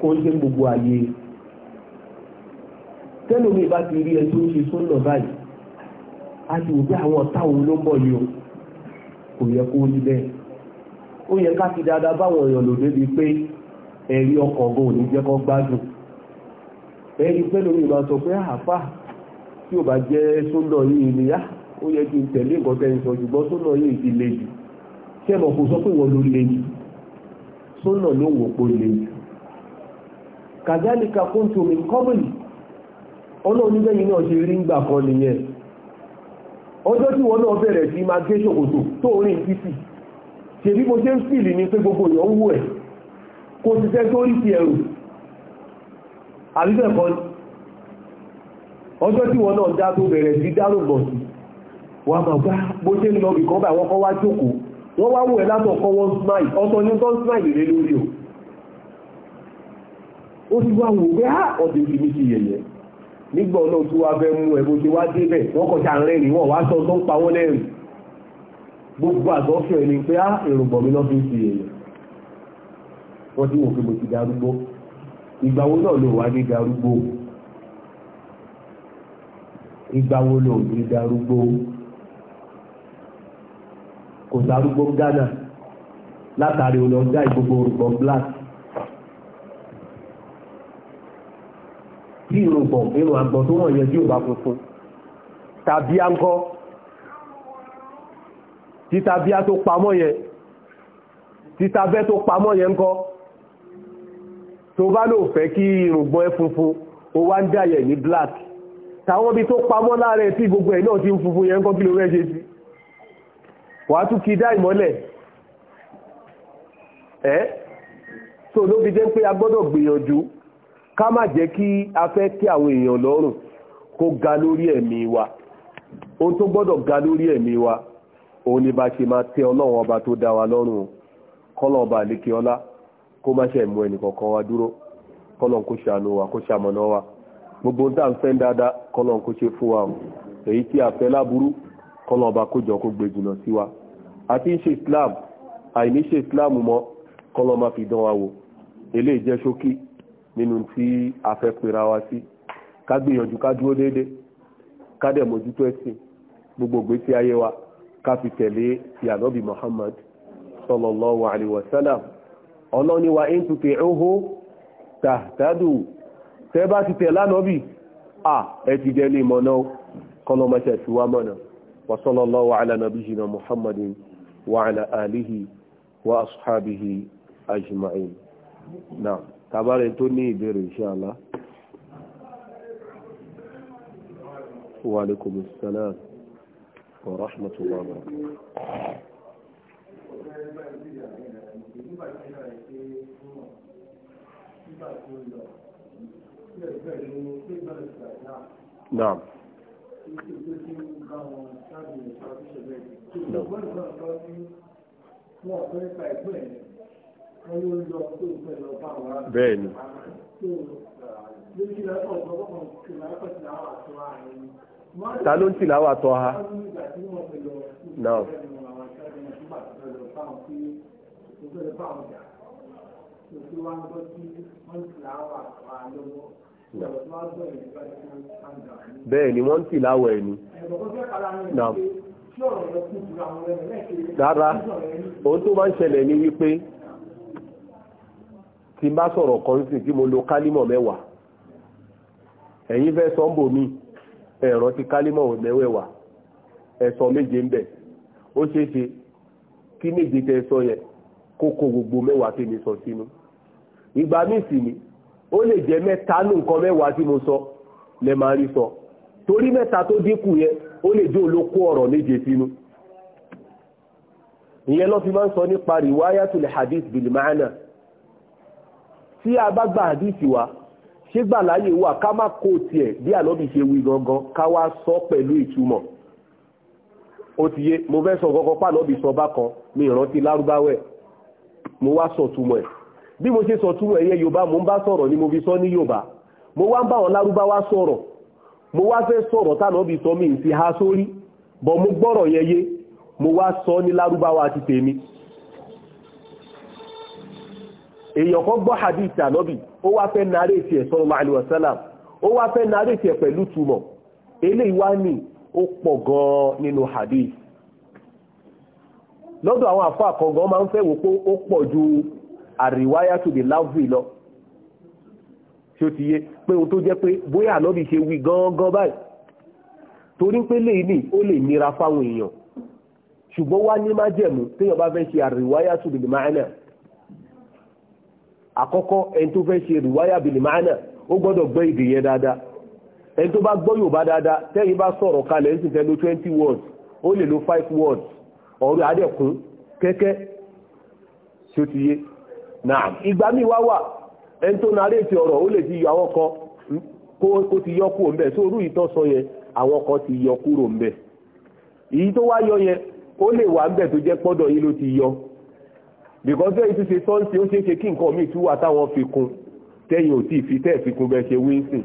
kò ń ṣe gbogbo ààyè tẹ́lómi bá ti rí ẹ tó ń ṣe sónà báyìí a ti àwọn ọ̀tá òun yìí kò yẹ kó rí bẹ́ẹ̀ ó yẹ ká fi dáadáa báwọn èèyàn lò débi pé ẹ̀rí ọkọ̀ ọgbọ̀n ò ní jẹ́ kó gbádùn ẹ̀rí pé lórí ìbá sọ pé àfà ah, tí ò bá jẹ́ sólọ yìí ni á ah, ó yẹ kí n tẹ̀lé nǹkan tẹ́ ń sọ ṣùgbọ́n sólọ yìí ti le jù kò sọ pé ló le jù sólọ ló wò pé le jù kóńtò mi ọlọ́run náà ṣe rí ọjọ́ tí wọ́n náà bẹ̀rẹ̀ sí máa gé ṣòkòtò tó rìn títì ṣe bí mo ṣe ń fìlì ní pé gbogbo èèyàn ń wò ẹ̀ kò sì fẹ́ tó rí ti ẹ̀rù àbíbẹ̀kọ́ ọjọ́ tí wọ́n náà dá tó bẹ̀rẹ̀ sí wà ah, lọ wọ́n kọ́ jókòó nígbà náà tí wàá fẹ́ mú ẹ bó ṣe wá débẹ̀ wọ́n kàn ṣà ń rẹ́rìn wọ́n wá sọ tó ń pa wọ́n lẹ́rìn gbogbo àtọ́fẹ́ ẹni pé á ah, èròbọ̀ mi lọ́ fi ń fi èèyàn wọ́n ti wò pé mo ti darúgbó ìgbà wo náà ló wà ní darúgbó ìgbà wo ló ní darúgbó kò darúgbó Ghana látàrí olóńgá ìgbogbo olùkọ́ black bí irun gbọ̀n irun àgbọ̀n tó wọ̀n yẹn tí ò bá funfun tàbí áńkọ́ títa bíá tó pamọ́ yẹn títa bẹ́ tó pamọ́ yẹn ńkọ́ tó bá lò fẹ́ kí irun gbọ̀n ẹ funfun ó wá ń dàyẹ̀ ní black tàwọn ibi tó pamọ́ láàrẹ tí gbogbo ẹ̀ náà ti ń funfun yẹn ńkọ́ kí ló rẹ́ ṣe sí wàá tún kí dá ìmọ́lẹ̀ ẹ́ tó ló fi jẹ́ pé a gbọ́dọ̀ gbìyànjú ká má jẹ́ kí a fẹ́ tẹ́ àwọn èèyàn lọ́rùn kó ga lórí ẹ̀mí wa ohun tó gbọ́dọ̀ ga lórí ẹ̀mí wa òun ni bá ṣe máa tẹ́ ọlọ́run ọba tó dá wa lọ́rùn kọ́lọ̀ ọba àlékè ọlá kó má ṣe mú ẹnìkọ̀ọ̀kan wa dúró kọ́lọ̀ kó ṣàánú wa kó ṣàmọ̀nà wa gbogbo ohun tá à ń fẹ́ dáadáa kọ́lọ̀ kó ṣe fún wa èyí tí a fẹ́ láburú kọ́lọ̀ ọba kó kó gbé jùlọ sí wa àti ń ṣe Islam àìní ṣe Islam mọ́ kọ́lọ̀ má fi dán wa wò eléyìí jẹ́ ṣókí nínú tí a fẹ́ pera ka sí ká gbìyànjú ká dúró déédéé ká dẹ̀ mójútó ẹ̀sìn gbogbo ayé wa ká fi tẹ̀lé yanobi Muhammad sallallahu alayhi wa sallam wa in tuti'uhu tẹ́ bá ti tẹ̀ lánàbì à ẹ ti dẹ́ ní ìmọ̀nà wa mọ̀nà wa sallallahu ala nabiyina Muhammadin wa ala alihi wa ashabihi ajma'in naam tàbára tó ní ìbéèrè inshallah wa alaikumus salam wa rahmatullahi wa barakatuh Naam. Naam bẹ́ẹ̀ ni. ta ló ń tìláwà tọ́ ha náà. bẹ́ẹ̀ ni wọ́n ń tìláwà ẹ̀ ni. náà. rárá ohun tó máa ń ṣẹlẹ̀ ni wípé tí n bá sọ̀rọ̀ kan sí tí mo lo kálímọ̀ mẹ́wàá ẹ̀yin fẹ́ sọ́ńbò mi ẹ̀rọ ti kálímọ̀ mẹ́wẹ̀wà ẹ̀sọ méje ń bẹ̀ ó ṣeé ṣe kí méje tẹ sọ yẹn kó gbogbo mẹ́wàá tí mi sọ sínú ìgbà míì sì ni ó lè jẹ́ mẹ́ta nù nǹkan mẹ́wàá tí mo sọ lẹ́ máa rí sọ torí mẹ́ta tó dínkù yẹn ó lè jẹ́ olóko ọ̀rọ̀ méje sínú ìyẹn lọ́ fi máa ń sọ nípa rìwáyàtúlẹ̀ hadith bil tí a bá gba àdìsí wa ṣé gbà láyè wà ká má kó tiẹ̀ bí àlọ́bì ṣe wí gangan ká wá sọ pẹ̀lú ìtumọ̀ ó ti yé mo fẹ́ sọ gangan pàlọ́bì sọ bákan mi ìrántí lárúbáwẹ̀ mo wá sọ túmọ̀ ẹ̀ bí mo ṣe sọ túmọ̀ ẹ̀yẹ yorùbá mo ń bá sọ̀rọ̀ ni mo fi sọ ní yorùbá mo wá ń bá wọn lárúbáwá sọ̀rọ̀ mo wá fẹ́ sọ̀rọ̀ tàlọ́bì sọ mi ń fi há sórí bọ̀ mo gbọ́rọ̀ yẹn mo wá sọ ní lárúbáwá ti tèmi èèyàn kan gbọ́ hadith ànábì ó wá fẹ́ narrate ẹ̀ sallallahu alaihi wasallam ó wá fẹ́ narrate ẹ̀ pẹ̀lú túmọ̀ eléyìí wá ní ó pọ̀ gan-an nínú hadith lọ́dọ̀ àwọn àfáà kan gan máa ń fẹ́ wò pé ó pọ̀ ju àríwáyá tó di láwùjọ lọ tí ó ti yé pé ohun tó jẹ́ pé bóyá ànábì ṣe wí gangan báyìí torí pé léyìí ni ó lè nira fáwọn èèyàn ṣùgbọ́n wá ní májẹ̀mú téèyàn bá fẹ́ ṣe àríwáyá tó di máa àkọ́kọ́ ẹni tó fẹ́ ṣe rìwáyà bìlì máànà ó gbọ́dọ̀ gbọ́ èdè yẹn dáadáa dada tó bá gbọ́ Yorùbá dáadáa tẹ́yìn bá sọ̀rọ̀ kalẹ̀ lo twenty words ó lè lo five words ọ̀rọ̀ adẹ́kùn kẹ́kẹ́ tí ó ti yé náà ìgbà míì wá wà ẹni tó narètì ọ̀rọ̀ ó lè ti yọ àwọn kan hmm, kó ti yọ kúrò sọ yẹn àwọn because bẹ́ẹ̀ tún ṣe sọ́ǹsì ó ṣeé ṣe kí nǹkan míì tún wà táwọn fi kún tẹ́yìn ò tí ì fi tẹ́ẹ̀ fi kún bẹ́ẹ̀ ṣe wíńsìn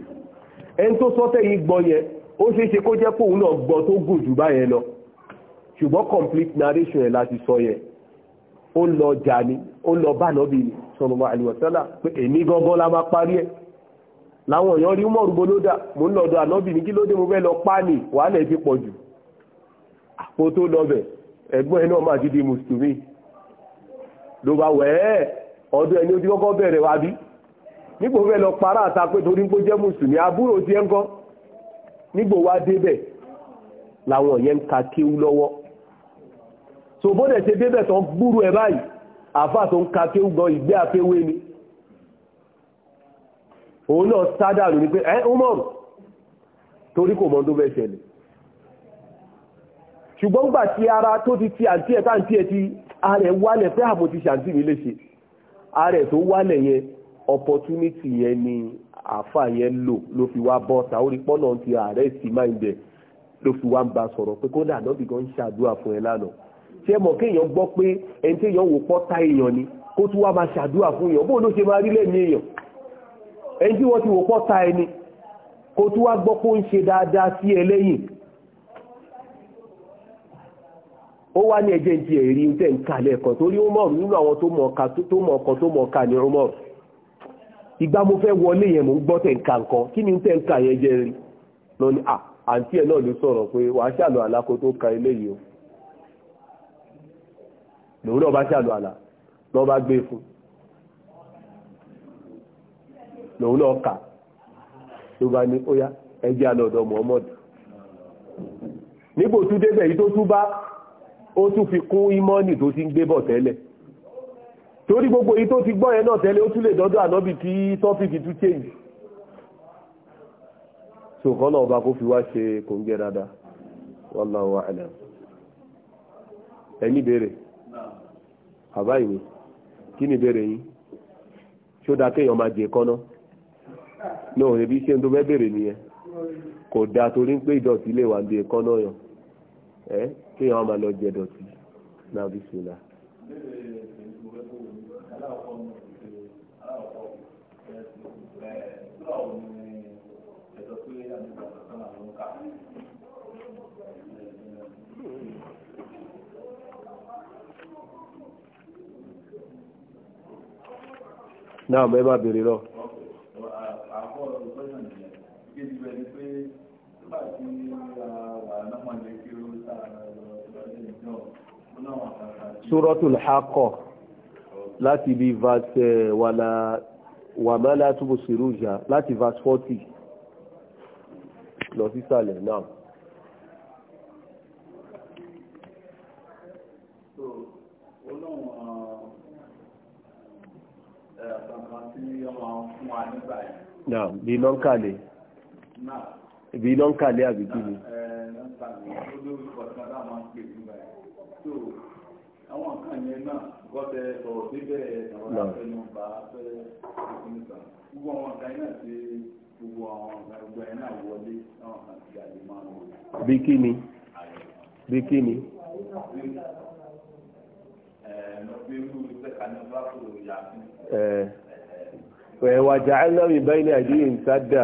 ẹni tó sọ tẹ́yìn gbọ́ yẹn ó ṣeé ṣe kó jẹ́ pé òun náà gbọ́ tó gùn jù báyẹn lọ ṣùgbọ́n complete narration ẹ̀ láti sọ yẹn ó lọ jà ní ó lọ bá nọ́bì ní sọlọ́mọ àlùwọ̀sálà pé èmi gangan la máa parí ẹ̀ láwọn èèyàn rí mọ́rù gbólódà mò ń lọ́dọ̀ ànọ́bì ní kí ló dé mo fẹ́ lọ páàní wàhálà ẹ̀ ti pọ̀ jù àpò tó lọ bẹ̀ ẹ̀gbọ́n ẹ̀ náà máa ti di mùsùlùmí ló bá wẹ́ẹ́ ọdún ẹni ó ti kọ́kọ́ bẹ̀rẹ̀ wá bí nígbò fẹ́ lọ para àta pé torí pé jẹ́ mùsùlùmí àbúrò tiẹ̀ ń kọ́ nígbò wá débẹ̀ làwọn yẹn ń ka kéwú lọ́wọ́ so bọ́dẹ̀ ṣe débẹ̀ tán gbúrú ẹ̀ báyìí àfa tó ń ka kéwú gan ìgbé àkéwé ni òun náà sádàlù ni pé ẹ ń mọ̀rù torí kò mọ tó fẹ́ ṣẹlẹ̀ ṣùgbọ́n gbà tí ara tó ti ti àǹtí ẹ̀ táǹtí ẹ̀ ti ààrẹ wálẹ̀ pé àbò ti ṣàǹtì mi léṣe ààrẹ tó wálẹ̀ yẹn opportunity yẹn ni àáfà yẹn lò ló fi wá bọ́ ta orí pọ́nà ti ààrẹ sì máa ń bẹ̀ ló fi wá ń ba sọ̀rọ̀ pé kódà náà bìkan ń ṣàdúrà fún ẹ lánàá ṣé mọ̀ kéèyàn gbọ́ pé ẹni téèyàn wò pọ́ta èèyàn ni kó tún wá máa ṣàdúrà fún èèyàn bóun ló ṣe máa rí lẹ́yìn èèyàn ẹni tí wọ́n ti wò pọ́ta ẹni kó tún wá gbọ́ pé ó ń ṣe dáadáa sí ẹlẹ́yìn ó wá ní ẹjẹ́ ti ẹ̀rí tẹ̀ ń kalẹ̀ ẹ̀kọ́ torí ó awọn nínú àwọn tó mọ̀ ọkọ̀ tó mọ̀ ọkà ní ó mọ̀rún ìgbà mo fẹ́ wọlé yẹn mò ń ka nǹkan kí ni tẹ̀ ń ka yẹn rí lọ àǹtí náà ló pé wàá tó ka eléyìí o lòun náà bá ala àlá lọ́ọ́ bá gbé fún lòun náà kà ló bá ní ó Muhammad tún débẹ̀ yìí tó tún ó tún fi kún ìmọ́nì tó ti ń gbé bọ̀ tẹ́lẹ̀ torí gbogbo èyí tó ti gbọ́ yẹn náà tẹ́lẹ̀ ó tún lè dọ́dọ̀ ànábì kí tọ́fíìkì tún change so kọ́nà ọba kó fi wá ṣe kòńgẹ́ dáadáa wallahu a'lam ẹni béèrè bàbá ìwé kí ni béèrè yín ṣó dáa kéèyàn máa jẹ kọ́nà náà ẹbí ṣe ń tó fẹ́ béèrè nìyẹn kò dáa torí ń pé ìdọ̀tí lè wà bí ẹ̀kọ́ náà yàn ẹ kéèyàn máa lọ jẹ dọ̀tí náà bí sùlá. náà mẹ́ bá bèrè lọ. àwọn ọ̀rọ̀ tó sọ́yàn nìyẹn kí ni bẹ́ẹ̀ ni pé nígbà tí suratul Haqqa láti bí verse wàmálà túbò sírújà láti verse forty lọ sísàlẹ̀ náà. Náà, eh, eh, bí iná ń kàlẹ̀. Bí iná ń kàlẹ̀ àbí kí ni? Eh, Ẹ tó àwọn nǹkan yẹn náà gọ́tẹ ọ̀rọ̀ bíbẹ̀ àwọn afẹnú bá fẹ́ ìpínlẹ̀ gbogbo àwọn nǹkan yẹn náà ti gbogbo àwọn nǹkan gbogbo yẹn náà wọlé àwọn nǹkan ti àlè máa ń wọlé. bí kí ni bí kí ni. ẹ wà jàǹdà mi báyìí ní àdéhùn sádà.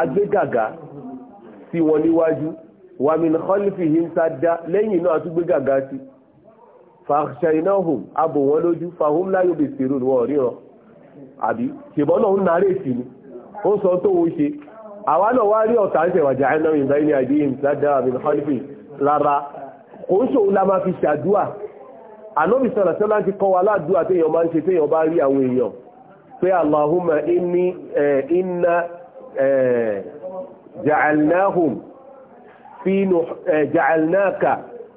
agbégàgá sí wọn níwájú wàmín khalfihim sadda lẹ́yìn náà tún gbégàgá sí fàṣẹ̀ináhùn abò wọn lójú fàhún láyò bè sèrò wọn ríran àbí ṣèbọ́n náà ń narí èsì ni ó sọ tó wọ́n ṣe àwa náà wá rí ọ̀tá ń tẹ̀wàjà ẹ̀nà ìgbà ilé àdéhìn sadda wàmín khalfihim lára kò ń ṣòun la máa fi ṣàdúà ànọ́bì sọ̀rọ̀ sọ́lá ti kọ́ wa ládùúà téèyàn máa ń ṣe téèyàn bá rí àwọn èèyàn pé Allahumma inni eh, inna ja'alnahum fi finu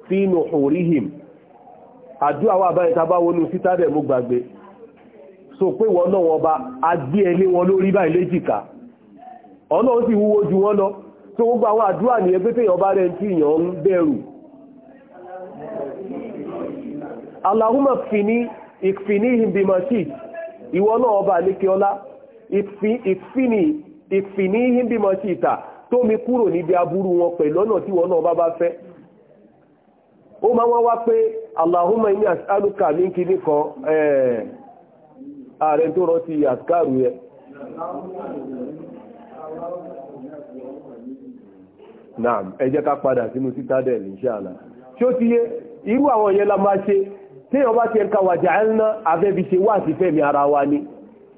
fi nuhurihim àdúrà wà báyìí tàbá wọnú sítàdẹ̀ so pé wọn náà wọn bá agbé ẹlé wọn lórí báyìí léjìká ọ̀nà ó sì so gbogbo Allahumma fini ìfìní ìbìmọ̀ sí ìwọ ọba àlékeọlá Ifini. ìfìníhìn bímọ sí ìta tómi kúrò níbi aburú wọn pẹ̀lú ọ̀nà tí wọn náà bá bá fẹ́ ó máa wá pé Allahumma inni as'aluka ní kíní kan ààrẹ tó rántí àsìkáàrù yẹ naam ẹ ká padà sínú citadel inshallah ti yé irú àwọn yẹn la máa ṣe téèyàn bá ti ẹ̀ka wàjà ẹ̀ ń ná ṣe wá sí fẹ́mi ara wa ni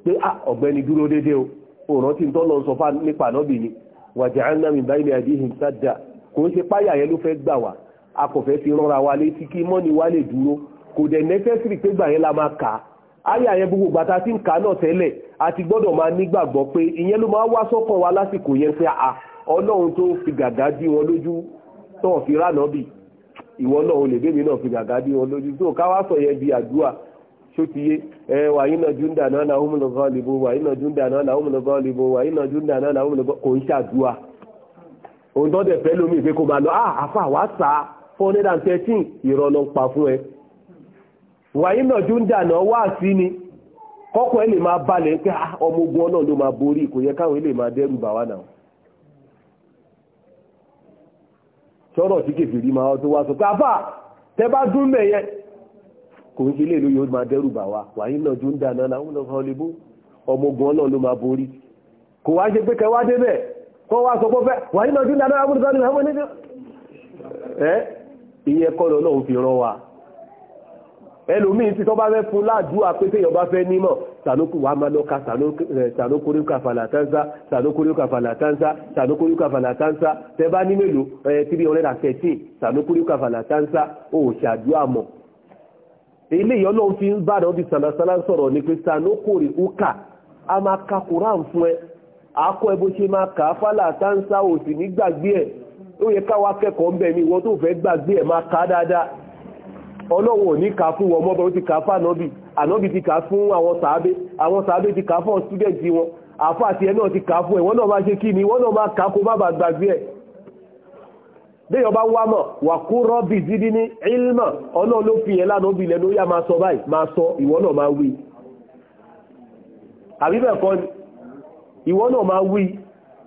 pé ah, ọ̀gbẹ́ni dúró o òrántí tọ́lọ sọ fún nípa ànábì ni waja'alna min bayni aydihim sadda kò ṣe páyà yẹn ló fẹ́ gbà wá a kò fi rọra wa létí kí mọ́ni wa lè dúró kò dẹ̀ necessary pé gbà yẹn la máa kà á yẹn gbogbo gbàtà tí a ti gbọ́dọ̀ máa nígbàgbọ́ pé ìyẹn ló máa wá sọ́kàn wa lásìkò yẹn pé a ah, ọlọ́run tó fi dí wọn lójú tó ṣótiyé ẹ wàyí náà júndà náà làwọn ọmọ lọ́gọ́ òlìbó wàyí náà júndà náà làwọn ọmọ lọ́gọ́ òlìbó wàyí náà júndà náà làwọn ọmọ lọ́gọ́ kò ń ṣàdúrà òun tó dẹ̀ fẹ́ lómi ìpé kò máa lọ ah àfà wá sá four hundred and thirteen ìrọ̀ ló ń pa fún ẹ wàyí náà júndà náà wá sí ni kọ́kọ́ ẹ lè máa balẹ̀ pé ah, ọmọ ogun ọlọ́run ló máa borí kò yẹ káwọn ẹ lè máa dẹ́rù bà wá náà sọ̀rọ̀ tí kèfèrí máa tó wá sọ pé àbá tẹ bá dún mẹ́yẹn kò ń ṣe lè ló yóò máa dẹ́rù bà wá wàyí náà jó ń dà náà láwọn náà fọ́n lè bó ọmọ ogun ọlọ́run ló máa borí kò wá ṣe pé kẹwàá débẹ̀ kọ́ wá sọ pé wàyí náà jó ń dà náà láwọn náà fọ́n lè ẹ́ ìyẹn kọ́ lọ́lọ́run fi rán wa ẹlòmíín tí tọ́ bá fẹ́ fún ládùúgbà pé téèyàn bá fẹ́ nímọ̀ sànókù wà máa lọ́ka sànókóríkà fàlàtánsá sànókóríkà fàlàtánsá sànókóríkà fàlàtánsá tẹ bá ní mélòó ẹ tírí ọ̀rẹ́dà kẹtì sànókóríkà fàlàtánsá ò ṣàdúrà mọ̀ ilé ìyọ́lọ́ fi ń bá ọdí sàlásálá sọ̀rọ̀ ní pé sanokori uka a máa ka koran fún ẹ àákọ́ ẹ bó ṣe máa kà á fálà táǹsà ò sì ní gbàgbé ẹ̀ ó yẹ káwa kẹ́kọ̀ọ́ ń bẹ̀ ní ìwọ tó fẹ́ gbàgbé ẹ̀ máa kà á dáadáa ọlọ́wọ̀ ò ní kà á fún wọn mọ́bẹ̀ ó ti kà á fún ànábì ànábì ti kà á fún àwọn sàábé àwọn sàábé ti kà á fún student wọn àfáà tiẹ̀ náà ti kà á fún ẹ̀ wọ́n náà máa ṣe kí ni wọ́n náà máa kà á kó má bàa gbàgbé ẹ̀ bẹ́ẹ̀ ọba wá mọ̀ wà kú rọ́bì dídí ní ilmọ̀ ọlọ́run ló fi yẹn lánàá ó bi ilẹ̀ lóyà máa sọ báyìí máa sọ ìwọ náà máa wí àbí bẹ́ẹ̀ kọ́ ni ìwọ náà máa wí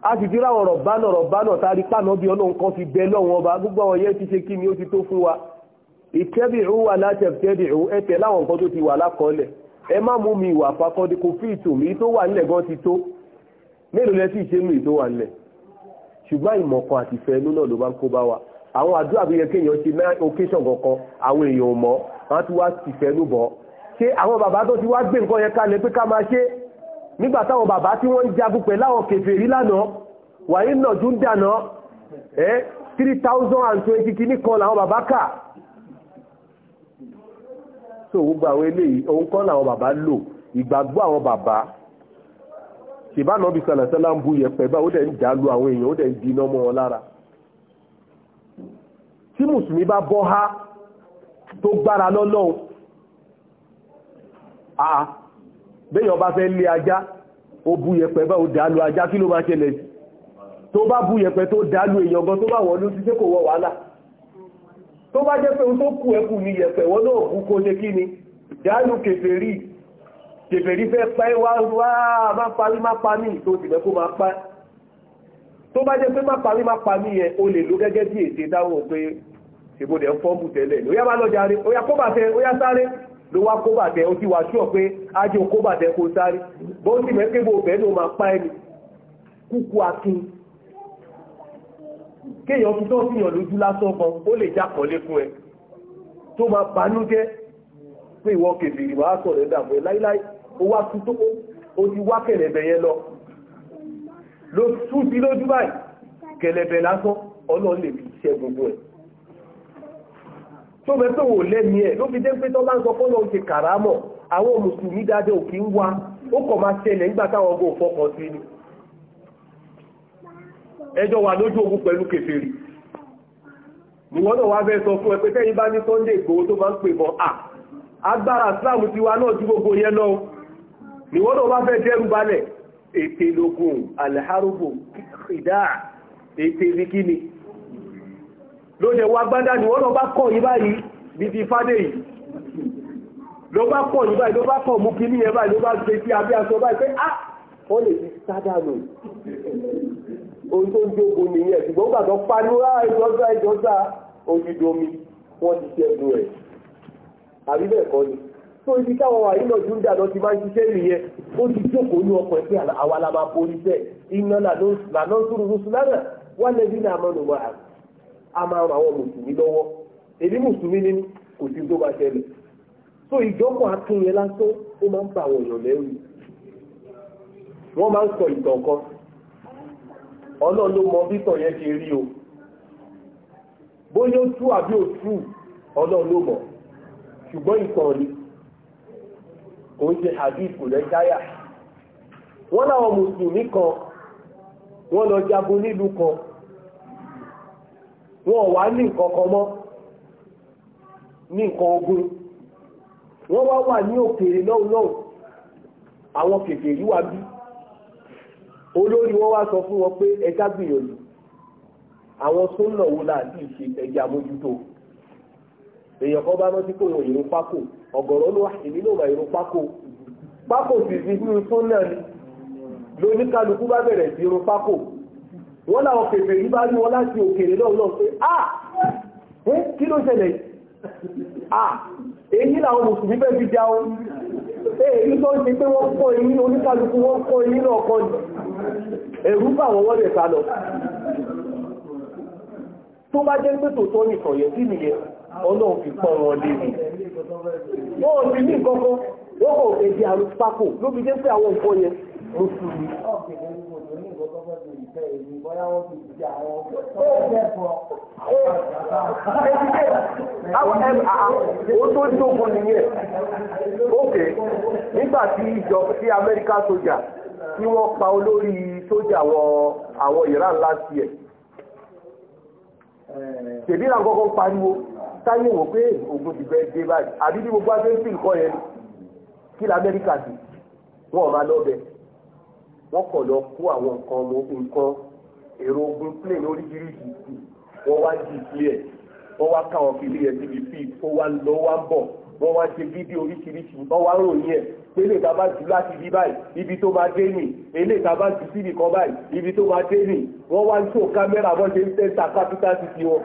a sì ti ráwọn ọ̀rọ̀ bánà ọ̀rọ̀ bánà tari pànà bí ọlọ́run kan fi bẹ lọ́wọ́n ọba gbogbo àwọn yẹn ti ṣe kí ni ó ti tó fún wa ìtẹ́bìrú wà láti ẹ̀tẹ́bìrú ẹ̀tẹ́ láwọn nǹkan tó ti wà lákọọ́lẹ̀ ẹ má mú mi ìwà fakọ́dé kò fi ìtò mi tó wà nílẹ̀ gan ti tó mélòó lẹ́sìn ìṣẹ́nu ìtò wà nílẹ̀ ṣùgbọ́n ìmọ̀kan àti ìfẹ́ inú náà ló bá ń kó bá wa àwọn àdúrà bí yẹ kéèyàn ṣe mẹ́ occasion kankan àwọn èèyàn ò mọ̀ wọ́n ti wá ìfẹ́ inú bọ̀ ṣé àwọn bàbá tó ti wá gbé nǹkan yẹn kalẹ̀ pé ká máa ṣe nígbà táwọn bàbá tí wọ́n ń jagun pẹ̀ láwọn kèfèrí lánàá wàyí nàdún dànà ẹ́ three thousand and twenty kìíní kan làwọn bàbá kà so gbogbo àwọn eléyìí òun kọ́ làwọn bàbá lò ìgbàgbọ́ àwọn bàbá ṣèbá nọ́bí sàlàsálà ń bu yẹ̀pẹ̀ bá ó dẹ̀ ń dà lu àwọn èèyàn ó dẹ̀ ń dínà mọ́ wọn lára tí mùsùlùmí bá bọ́ há tó gbára lọ́lọ́un àà béèyàn bá fẹ́ lé ajá ó bú yẹ̀pẹ̀ bá ó dà lu ajá kí ló máa ṣẹlẹ̀ sí tó bá bú yẹ̀pẹ̀ tó dà lu èèyàn gan tó bá wọ́n ló ti ṣe kò wọ́ wàhálà tó bá jẹ́ pé ohun tó kù ẹkù ni yẹ̀pẹ̀ wọ́n náà kú kó ṣe kí ni dàálù kèfèrí kèfèrí fẹ́ pa ẹ́ wá má pa mí má pa mí tó ti fẹ́ kó máa pa tó bá jẹ́ pé má pa mí má pa mí yẹn o lè lo gẹ́gẹ́ bí ète dáhùn pé ṣèbó dẹ̀ ń fọ́ọ̀mù tẹ́lẹ̀ ní ó yá má lọ jàre ó yá kó bàtẹ́ ó yá sáré ló wá kó bàtẹ́ ó ti wà ṣúọ̀ pé ájò kó bàtẹ́ kó sáré bó ti mẹ́ pé gbogbo ló máa pa ẹni kúkú akin kéèyàn fi tó fìyàn lójú lásán kan ó lè já kọ́lé fún ẹ tó máa banú jẹ́ pé ìwọ kèfèrè wàá sọ̀rọ̀ ẹ̀dà láíláí ó wá tún tó ó ti wá kẹ̀lẹ̀bẹ̀ yẹn lọ ló tún sí lójú báyìí kẹ̀lẹ̀bẹ̀ lásán ọlọ́run lè fi ṣe gbogbo ẹ̀ tó mẹ́ tó wò lẹ́mí ẹ̀ ló fi dé pé tó bá ń sọ fọ́nà ó ti kàrámọ̀ àwọn mùsùlùmí dáadáa òkè ń wá ó kọ̀ máa ṣẹlẹ̀ nígbà táwọn ọgbọ́n fọkàn sí ni ẹjọ́ wà lójú ogun pẹ̀lú kèfèrè ìwọ́n náà wá bẹ́ẹ̀ sọ fún ẹ pé tẹ́yìn bá ní Sunday Igboho tó máa ń pè mọ́ à agbára Islam tiwa náà ju gbogbo yẹn lọ níwọ́n náà bá fẹ́ dẹ́rù balẹ̀ ètè lógún alharubu ìdá ètè rikini ló jẹ wá gbádá níwọ́n náà bá kọ̀ yí báyìí bí ti fádé yìí ló bá kọ̀ yí báyìí ló bá kọ̀ mú kí ní ẹ báyìí ló bá gbé sí abẹ́ ah ó lè fi sádànù ohun tó ń jogun nìyẹn ṣùgbọ́n gbàgbọ́ panúrà ìjọ́sà ah, ìjọ́sà òdìdomi wọ́n ti ṣẹ́gun ẹ̀ àbí bẹ́ẹ̀ tó ibi káwọn wà nínú ọdún dà ti máa ń ṣiṣẹ́ nìyẹn ó ti jókòó ní ọkọ̀ ẹ̀fẹ́ àwa la máa borí iná lànà lẹ́bí a máa àwọn mùsùlùmí lọ́wọ́ èmi mùsùlùmí ni kò sí tó bá ṣẹlẹ̀ tó ìjọ́pọ̀ akin yẹn lásán ó máa ń ba àwọn èèyàn lẹ́rù wọ́n máa ń sọ ìtàn mọ bí ṣe o bóyá ó tú àbí ó tú ọlọ́run ló mọ̀ ṣùgbọ́n ìtàn ni kò ń ṣe hadith wọ́n láwọn mùsùlùmí kan wọ́n lọ jagun nílùú kan wọ́n wá ní nǹkan mọ́ ní nǹkan ogun wọ́n wá wà ní òkèrè lọ́hùn lọ́hùn àwọn kèfèrí wà bí olórí wọn wá sọ fún wọn pé ẹja gbìyànjú àwọn sóńnà wo láti ṣe ẹja mójútó èèyàn kan bá rántí kò wọ́n ìrún pákó ọ̀gọ̀rọ̀ ló wà èmi ló wà irun pákó pákó sì fi fún fún náà ni lóníkálukú bá bẹ̀rẹ̀ sí irun pákó wọ́n láwọn pèpè yí bá rí wọn láti òkèèrè náà náà pé ah kí ló ah èyí làwọn mùsùlùmí fẹ́ fi jáwọ́ èyí tó ń ṣe pé wọ́n kọ́ èyí oníkálukú wọ́n kọ́ èyí náà kọ́ ẹ̀rú bá wọn wọ́n lè sá lọ tó bá jẹ́ pé tòótọ́ nìkan yẹ sí nìyẹn ọlọ́run fi pọ̀ wọn léwu wọ́n ò sì ní ìkọ́kọ́ wọ́n kò fẹ́ di àrùn pákó ló fi dé pé àwọn nǹkan yẹn mo sùn ní. Ó tó jókòó nìyẹn. Ókè nígbà tí ìjọ sí Amẹ́ríkà sójà tí wọ́n pa olórí sójà wọ àwọn Iran last year. Tèbí là ń kọ́kọ́ pariwo táyé wò pé ògùn ti fẹ́ dé báyìí àbí bí gbogbo aṣọ ń fi nǹkan yẹn kí lamẹ́ríkà sí wọn ò máa lọ́bẹ̀ wọ́n kọ̀ lọ kó àwọn nǹkan ọmọ nǹkan èrò ogun plane oríṣiríṣi wọ́n wá di ìpìlẹ̀ wọ́n wá káwọn kìlì yẹn síbi fíì ó wá lọ wá ń bọ̀ wọ́n wá ṣe fídíò oríṣiríṣi wọ́n wá ròyìn ẹ̀ pé lè ta bá jù láti bí báyìí ibi tó máa dé nì èlé ta bá jù síbi kan báyìí ibi tó máa dé nì wọ́n wá ń tó kámẹ́rà wọ́n ṣe ń tẹ́ta capital city wọn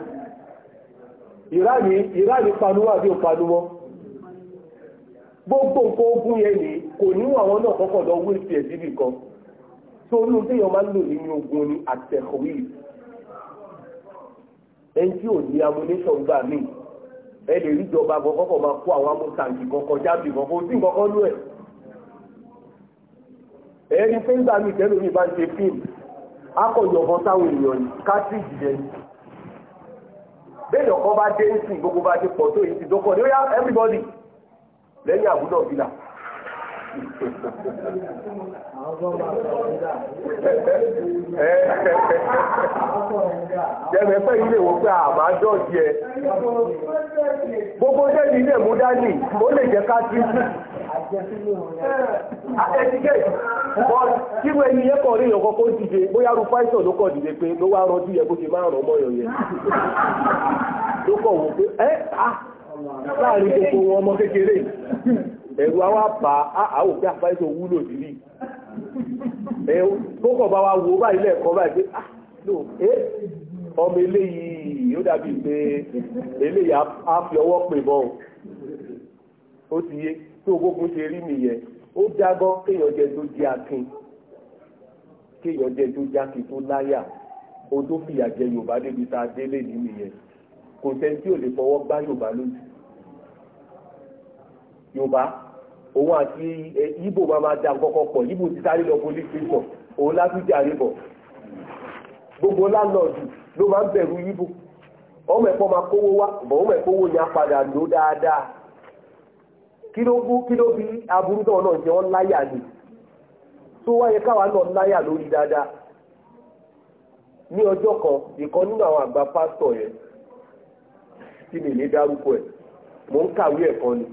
ìráàlì ìráàlì panuwa bí ó panuwọ́ gbogbo nǹkan ogun yẹn ni kò ní àwọn náà kọ́kọ́ lọ wí sí ẹ̀sìn nìkan tó ní ohun téèyàn máa ń lò nínú ogun ni àtẹ̀kọ̀wé ẹni tí ò ní amúnéṣọ̀ gbà míì ẹ lè rí ìjọba kọ́kọ́ máa kó àwọn amúntàǹkì kọ́kọ́ jáde kọ́kọ́ sí kọ́kọ́ lú ẹ̀ ẹ̀rí pé ń gbà mí tẹ́lómi bá ń ṣe fíìmù akọ̀yọ̀bọ táwọn èèyàn káàtì ìjìyẹn bẹ́ẹ̀ ọkọ̀ bá dé ń sìn gbogbo bá dé pọ̀ tó èyí ti dọ́kọ̀ ní ó yá everybody lẹ́yìn àbúdà bílà jẹ́mẹ̀ pẹ́ ilé wo pé àmà jọ́ọ̀jì ẹ gbogbo jẹ́ ilé mú dání ó lè jẹ́ ká tí kí ẹni yẹ́kọ̀ọ́ rí ìyọ̀kọ́ kó dìde bóyá ru pásítọ̀ ló kọ̀ dìde pé ló wá rọjú yẹ bó ṣe máa rọ̀ mọ́yọ̀ yẹn ló kọ̀ wò pé ẹ́ à láàrin gbogbo wọn ọmọ kékeré ẹ̀rù àwa bá àwò pé àpáìsọ̀ wúlò sílì ẹ̀rù tó bá wa wo báyìí lẹ́ẹ̀kọ́ báyìí pé ah ẹ́ ọmọ eléyìí ó dàbí pé eléyìí á fi ọwọ́ pè bọ́ ó ti yé tó gbogbo ṣe rí nìyẹn ó dágọ́ kéèyàn jẹ tó jẹ akin kéèyàn jẹ tó jákin tó láyà o tó fìyà jẹ yorùbá débi tá a délé ní nìyẹn kò sẹ́ni tí ò lè fọwọ́ gbá yorùbá lójú yorùbá òun àti ibo máa ma da kọ́kọ́ pọ̀ ibo ti sáré lọ police station òun látúndì àríbọ̀ gbogbo lálọ́ọ̀dù ló máa ń bẹ̀rù ibo ọmọ ẹ̀kọ́ máa kówó wá bọ̀ ọmọ ẹ̀kọ́ wo ni a padà lò dáadáa kí ló gún kí ló fi náà jẹ́ wọ́n láyà ni tó wáyé káwà náà láyà lórí dáadáa ní ọjọ́ kan ìkan nínú àwọn àgbà pásítọ̀ yẹn tí mi lè dárúkọ ẹ̀ mò ń kàwé ni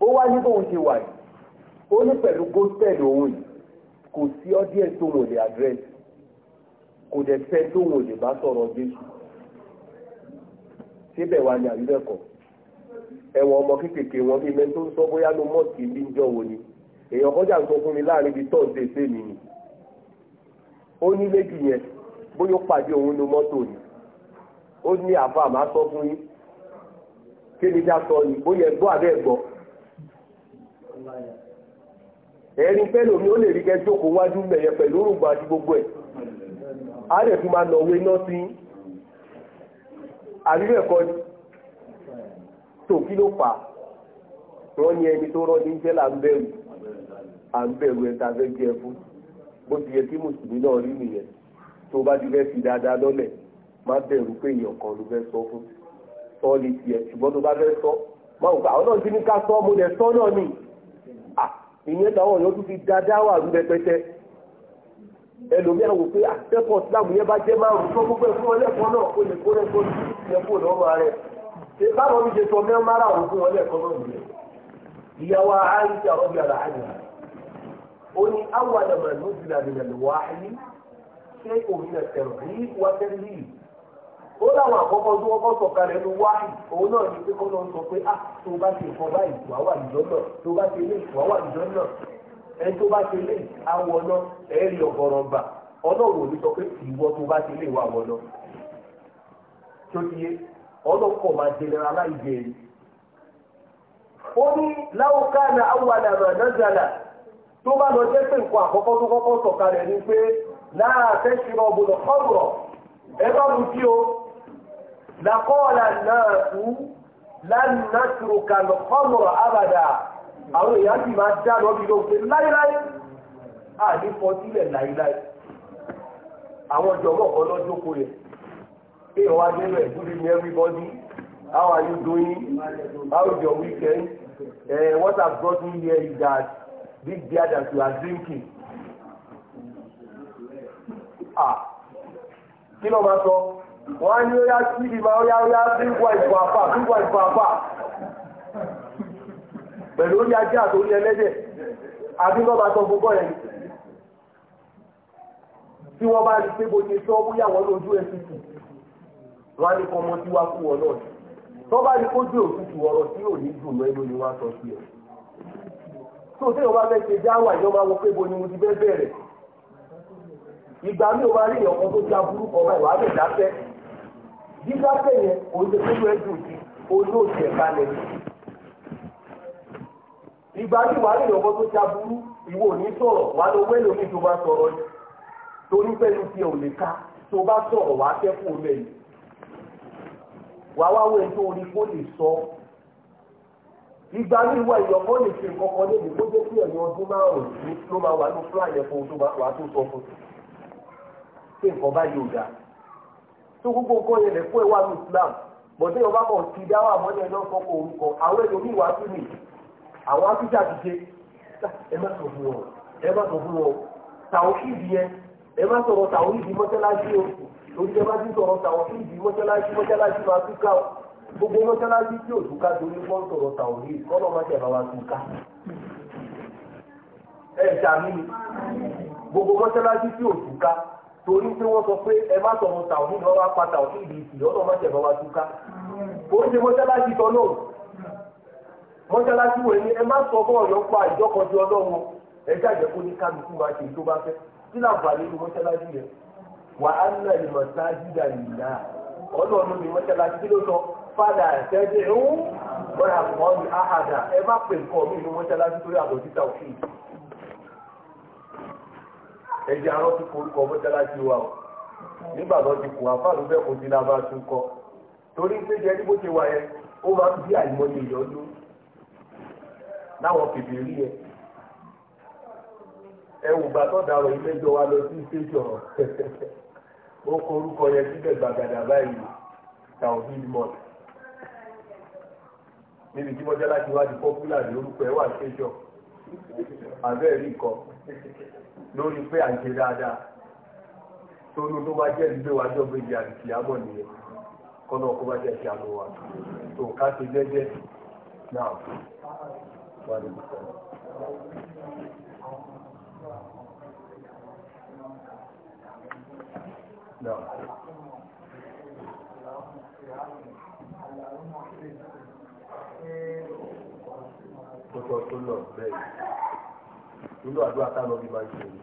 ó wá ní bóun ṣe wà yìí ó ní pẹ̀lú gospel òun yìí kò sí tó lè address kò dẹ̀ fẹ́ tó Ewọ ọmọ kékèké wọn bíi mẹ́tò ń sọ bóyá ló mọ́ọ̀kì ní ìjọ wo ni èèyàn kọjá ń sọ fún mi láàrin ibi sẹ́mi ni ó ní méjì yẹn bóyá ó pàdé òun nu mọ́tò ni ó ní àfa àmà sọ fún yín kí ni sọ bóyá pẹ́lú ó lè rí wájú mẹ̀yẹ pẹ̀lú àti gbogbo ẹ̀ á lè fi máa nọ̀wé náà sí tó kí ló fà wọ́n ní ẹni tó rán ní jẹ́ là ń bẹ̀rù à ń bẹ̀rù ẹ̀ tàbí ti yẹ kí mùsùlùmí náà rí nìyẹn tó bá ti fẹ́ fi dáadáa lọ́lẹ̀ má bẹ̀rù pé èèyàn kan ló sọ fún sọ ní tiẹ̀ ṣùgbọ́n tó bá sọ má wò àwọn náà ti sọ mo lẹ̀ sọ náà nì fi dáadáa wà wò pé báwọn mi ṣe sọ mẹ́rin mara òun fún wọn lẹ́ẹ̀kan náà nìyẹn ìyàwó àìsí àwọn ó ní ló ti ṣé òun wá tẹ́lẹ̀ yìí ó láwọn àkọ́kọ́ tó wọ́n kọ́ ló wá òun náà ní náà sọ pé ah, tó bá ti nǹkan báyìí wà náà tó bá ti náà tó bá ti ọlọ́kọ̀ máa dẹ̀lẹ́ra láì ni èyí. ó ní láwùká na awàdà rẹ̀ nàzàlà tó bá lọ jẹ́ pé nǹkan àkọ́kọ́ tó kọ́kọ́ sọ̀kalẹ̀ ni pé náà ẹ bá mu tí o làkọ́ọ̀lá náà tú lánàtúrùkà lọ́kọ́rọ̀ àbàdà àwọn èèyàn sì máa dá lọ́bí ló pé láíláí pé ìwà délẹ̀ good evening everybody how are you doing how is your weekend uh, what has brought me here is that this beer that you are drinking ah kí ló máa sọ wọ́n á ní ó yá sí ìmọ̀ ó yá ó yá drink wine for apá drink wine for apá pẹ̀lú orí ajé àtòrí ẹlẹ́dẹ̀ àbí wọ́n bá sọ gbogbo ẹ̀ tí wọ́n bá rí pé bó ti sọ bóyá wọ́n lójú ẹ̀ tuntun wọ́n á ní kọ́ ọmọ tí wá kú wọn náà sí tó bá ní kó jẹ́ òtútù ọ̀rọ̀ tí ò ní dùn lẹ́nu ni wọ́n á sọ sí ẹ̀. tó o téèyàn bá fẹ́ ṣe dáwà ìyọ́ máa wọ pé bo ni mo ti fẹ́ bẹ̀rẹ̀ ìgbà mi ò máa rí èèyàn kan tó já burúkọ ọmọ ìwà lè dáfẹ́ dídáfẹ́ yẹn òun ṣe kó dùn sí olóòtú ẹ̀ka lẹ́nu ìgbà tí wàá lèèyàn kan tó já burú ìwọ ò ní sọ̀rọ̀ wàá lọ wẹ́lò mi tó bá sọ̀rọ̀ torí pẹ́lú tí ò lè ká tó bá sọ̀rọ̀ wàá kẹ́kọ̀ọ́ lẹ́yìn wàá wá wẹ̀ tó orí kó lè sọ ìgbà wíwọ èèyàn kó lè ṣe nǹkan kan lébi kó jẹ́ kí ẹ̀yàn ọdún márùn-ún ló máa wà ní fúlà yẹn fún un wàá tó sọ fún un pé nǹkan bá yóò dà tó gbogbo nǹkan yẹn lè fún ẹ wà ní Islam bọ̀dé ọba kan ti dá wà mọ́lẹ̀ náà kọ́kọ́ orúkọ àwọn ẹlòmíì wá sí mi àwọn akíjà ti ṣe ẹ má sọ fún wọn ẹ má sọ fún wọn tàwọn kìdí yẹn ẹ má sọ̀rọ̀ tàwọn ìdí mọ́tẹ́lá sí o torí ẹ bá ti sọ̀rọ̀ tàwọn tí ìdí mọ́ṣáláṣí mọ́ṣáláṣí máa tún ká gbogbo mọ́ṣáláṣí tí ò tún ká torí wọ́n sọ̀rọ̀ tàwọn yìí kọ́nà má tẹ̀ bá wa tún ká. ẹ ṣàmì ni gbogbo mọ́ṣáláṣí tí ò tún ká torí pé wọ́n sọ pé ẹ má sọ̀rọ̀ tàwọn yìí lọ́wọ́ apá tàwọn yìí ìdí ìsìn ọ̀nà má tẹ̀ bá wa tún ká. ó ṣe mọ́ṣáláṣí tọ́ náà mọ́ṣáláṣí wẹ̀ wa á nà ìmọ̀ ọ nìyà ọlọ́run ní mọ́ṣáláṣí kí ló sọ fàdà tẹ́jú ìhún wọ́n ahada mọ́ ní ẹ má pè nǹkan mí ní mọ́ṣáláṣí torí àbọ̀ títà òfin ẹ̀jẹ̀ arọ́ ti forúkọ wa o nígbà lọ ti kù àfáàlú bẹ́ẹ̀ kò kọ torí Na ilé wa lọ sí stéjọ [LAUGHS] ó kọ orúkọ yẹn síbẹ̀ gbàgàdà báyìí tàwọn mọ́t níbi tí wọ́n jẹ́ láti wá di popular ní orúkọ ẹ̀ wà ṣéjọ́ àbẹ́ rí kọ lórí pé àjẹ dáadáa tó ní tó bá jẹ́ ìgbé wa jọ méjì àti àmọ́ nìyẹn kọ́nà kó bá jẹ́ ti àmọ́ wa tó ká ṣe jẹ́jẹ́ náà wà ní ìsọ̀rọ̀. Tótó tó lọ bẹ́ẹ̀. Olú àdúrà táwọn ọbí máa ń ṣe ni.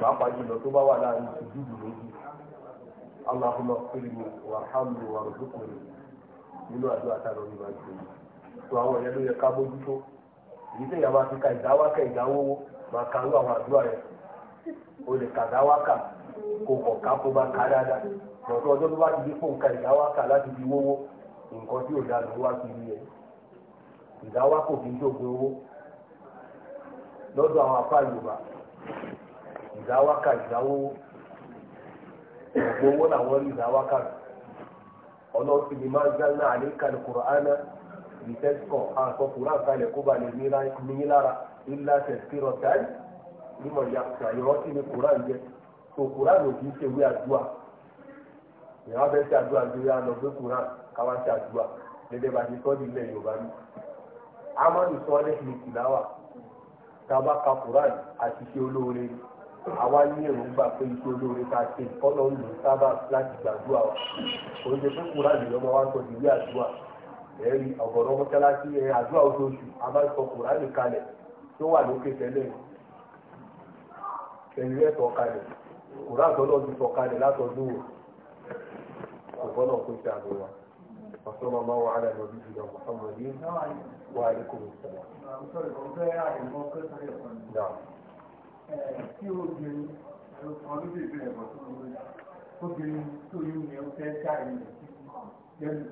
Pàápàá jùlọ tó bá wà láàrin ìṣèjúdù méjì. Allahumma qirni warhamni warzuqni. Olú àdúrà táwọn ọbí máa ń ṣe Tó àwọn ìyẹn ló yẹ ká bójútó. Èyí tẹ̀yà máa fi ka ìdáwákà ìdáwówó máa ka ló àwọn àdúrà yẹn. O lè kà dáwákà kò kọ̀ ká kó bá ká dáadáa lọ́tọ́ ọjọ́ tó bá ti di fóǹkà ìdáwákà láti fi wówó nǹkan tí ò dáa ló wá sí ilé ẹ̀ ìdáwá kò fi ń dògbé owó lọ́dọ̀ àwọn afá yorùbá ìdáwákà ìdáwówó ìgbówó làwọn rí ìdáwákà rẹ̀ ọlọ́run ti lè máa gbáná àlékà ní kùrọ̀ánà ìtẹ́sìkọ̀ àsọkùnrin àkàlẹ̀ kó ba lè ní lára ilá tẹ̀síkì rọ̀ dáì nímọ̀ ìyá ìrọ́sí ni kùrọ̀án so quran ò kì í ṣe ìwé àdúrà ìyá wọn ṣe àdúrà lórí àná pé quran káwá ṣe àdúrà gẹ́gẹ́ bá ṣe sọ́ọ́dì ilẹ̀ yorùbá ní. amadu sọ́ọ́lẹ̀ ní ka quran olóore àwa ní èròǹgbà pé iṣẹ́ olóore ká ṣe sábà láti gbàdúrà wa ṣe pé quran wa sọ ìwé àdúrà ọ̀gọ̀rọ̀ ẹ̀ àdúrà oṣooṣù a máa ń sọ quran kalẹ̀ tó wà kòrá àtọ́lọ́ ti sọ̀kalẹ̀ látọ̀dún kò bọ́nà kó ṣe àbò wa ọ̀sán ọmọ wa ara ẹ̀rọ bíbí lọ ọmọ yìí wà á lékò ní sọ̀rọ̀. tí obìnrin ọdún tó ìbílẹ̀ bọ̀ tó lórí obìnrin tó yún ni ó fẹ́ já ìlú lẹ́nu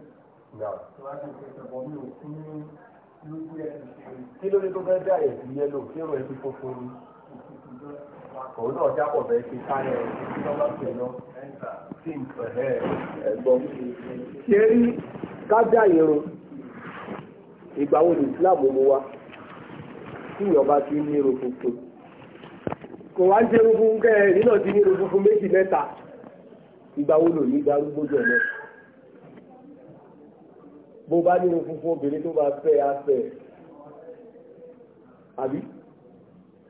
tó wá sí ìfẹsẹ̀ bọ̀ mi ò kí ló tó fẹ́ já ìlú yẹlò kí ó rẹ̀ ti fọ́fọ́ ní òun náà jábọ̀ bẹ́ẹ̀ ṣe káyọ̀ ìdánlọ́pẹ̀lọ́ sí ìpẹ̀lẹ́ ẹ̀gbọ́n. ṣé rí kájà irun ìgbà Islam mú wa tí ìyọba ti ní irun funfun kò wá ń ṣe irun funfun kẹ́ ẹ̀ ti ní irun funfun méjì mẹ́ta ìgbà lò ní darúgbó jọ bó bá ní irun funfun obìnrin tó bá fẹ́ afẹ́ àbí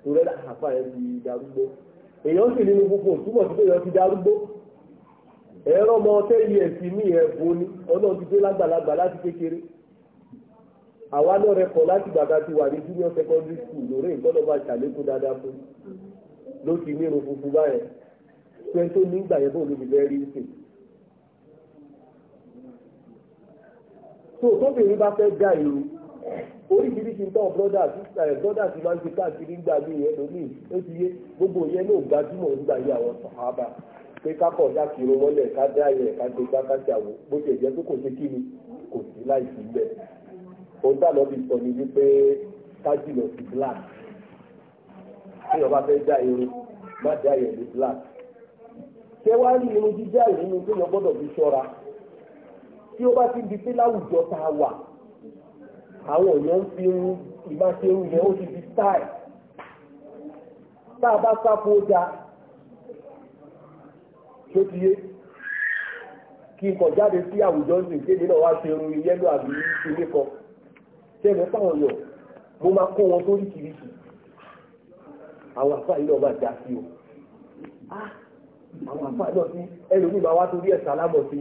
torí àpá yẹn ti darúgbó èèyàn sì nínú gbogbo òtúmọ̀ sí pé èèyàn ti darúgbó ẹ̀rọ ọmọ ten years ní ẹ̀bùn ni ọlọ́run ti dé lágbàlagbà láti kékeré àwa náà rẹ kọ̀ láti gbàgbà ti wà ní junior secondary school lórí ìgbọ́dọ̀ bá ṣàlékún dáadáa fún ló ti ní irun funfun báyẹn pé tó nígbà yẹn bóun ló fi bẹ́ẹ̀ rí ń sè. tó tóbìnrin bá fẹ́ dá irun oríṣiríṣi tán brọ́dà sísá ẹ̀ brọ́dà sí máa ń ti káàkiri gbà yẹn lórí gbogbo yẹn náà gbajúmọ̀ nígbà yìí àwọn sàhábà pé kákọ̀ dá kiri mọ́lẹ̀ ká dá yẹ ká gbé gbá ká ṣàwò bó ṣe jẹ́ pé kò ṣe kí ni kò sí láì sí bẹ́ẹ̀. ohun tá lọ́ọ́ fi sọ ni wípé ká sí black tí ọba fẹ́ dá irun má dá ní black. ni tó yọ gbọ́dọ̀ fi ṣọ́ra àwọn èèyàn ń fi ìbá ṣe ń yẹ ó ti fi style tá a bá sáfó da tó ti yé kí n kọ̀ jáde sí àwùjọ ní ìkéde náà wá ṣe irun yẹ́lò àbí ilé kan tẹ́lẹ̀ fáwọn yọ̀ mo máa kó wọn sórí kìrìkì àwọn àfáà yìí náà máa dá sí o ah! àwọn àfáà náà sí ẹlòmíì máa wá torí ẹ̀ sálámọ̀ sí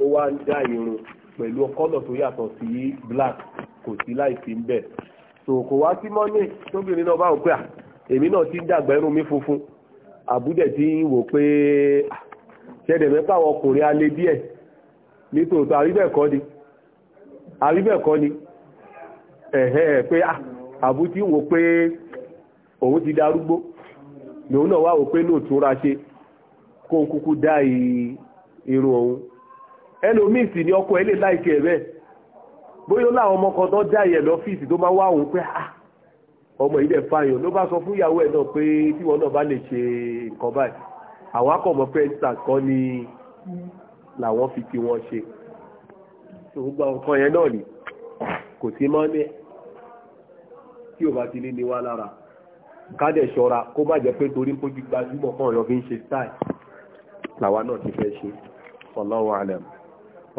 ó wá ń dá irun pẹ̀lú kọ́lọ̀ tó yàtọ̀ sí black kò sí láìsí ń bẹ̀ so kò wá sí mọ́nì tóbìnrin náà bá wò pé náà ti ń dàgbà mi funfun àbúdẹ̀ tí ń wò pé ṣẹ̀dẹ̀ mẹ́fà ọkùnrin alẹ́ díẹ̀ nítòótọ́ àríbẹ̀kọ́ ni àríbẹ̀kọ́ ni pé àbú ń wò pé òun ti darúgbó lòun náà wá wò pé ṣe ẹlòmíì sì ni ọkọ ẹ lè láìkẹ́ rẹ̀ bóyá ó láwọn ọmọ kan tó já yẹ lọ́fíìsì tó máa wá òun pé ah ọmọ yìí dẹ̀ fààyàn ló bá sọ fún ìyàwó ẹ̀ náà pé tí wọn náà bá lè ṣe nǹkan báyìí àwọn akọ̀mọ̀ pẹ́ńtà kan ni làwọn fi kí wọ́n ṣe gbogbo nǹkan yẹn náà ni kò sí mọ́ ní tí ò bá ti ní niwá lára kádẹ̀ ṣọ́ra kó má jẹ́ pé torí pójú gbajúmọ̀ kan lọ fi ń ṣe style làwa náà ti fẹ́ ṣe Allahu alam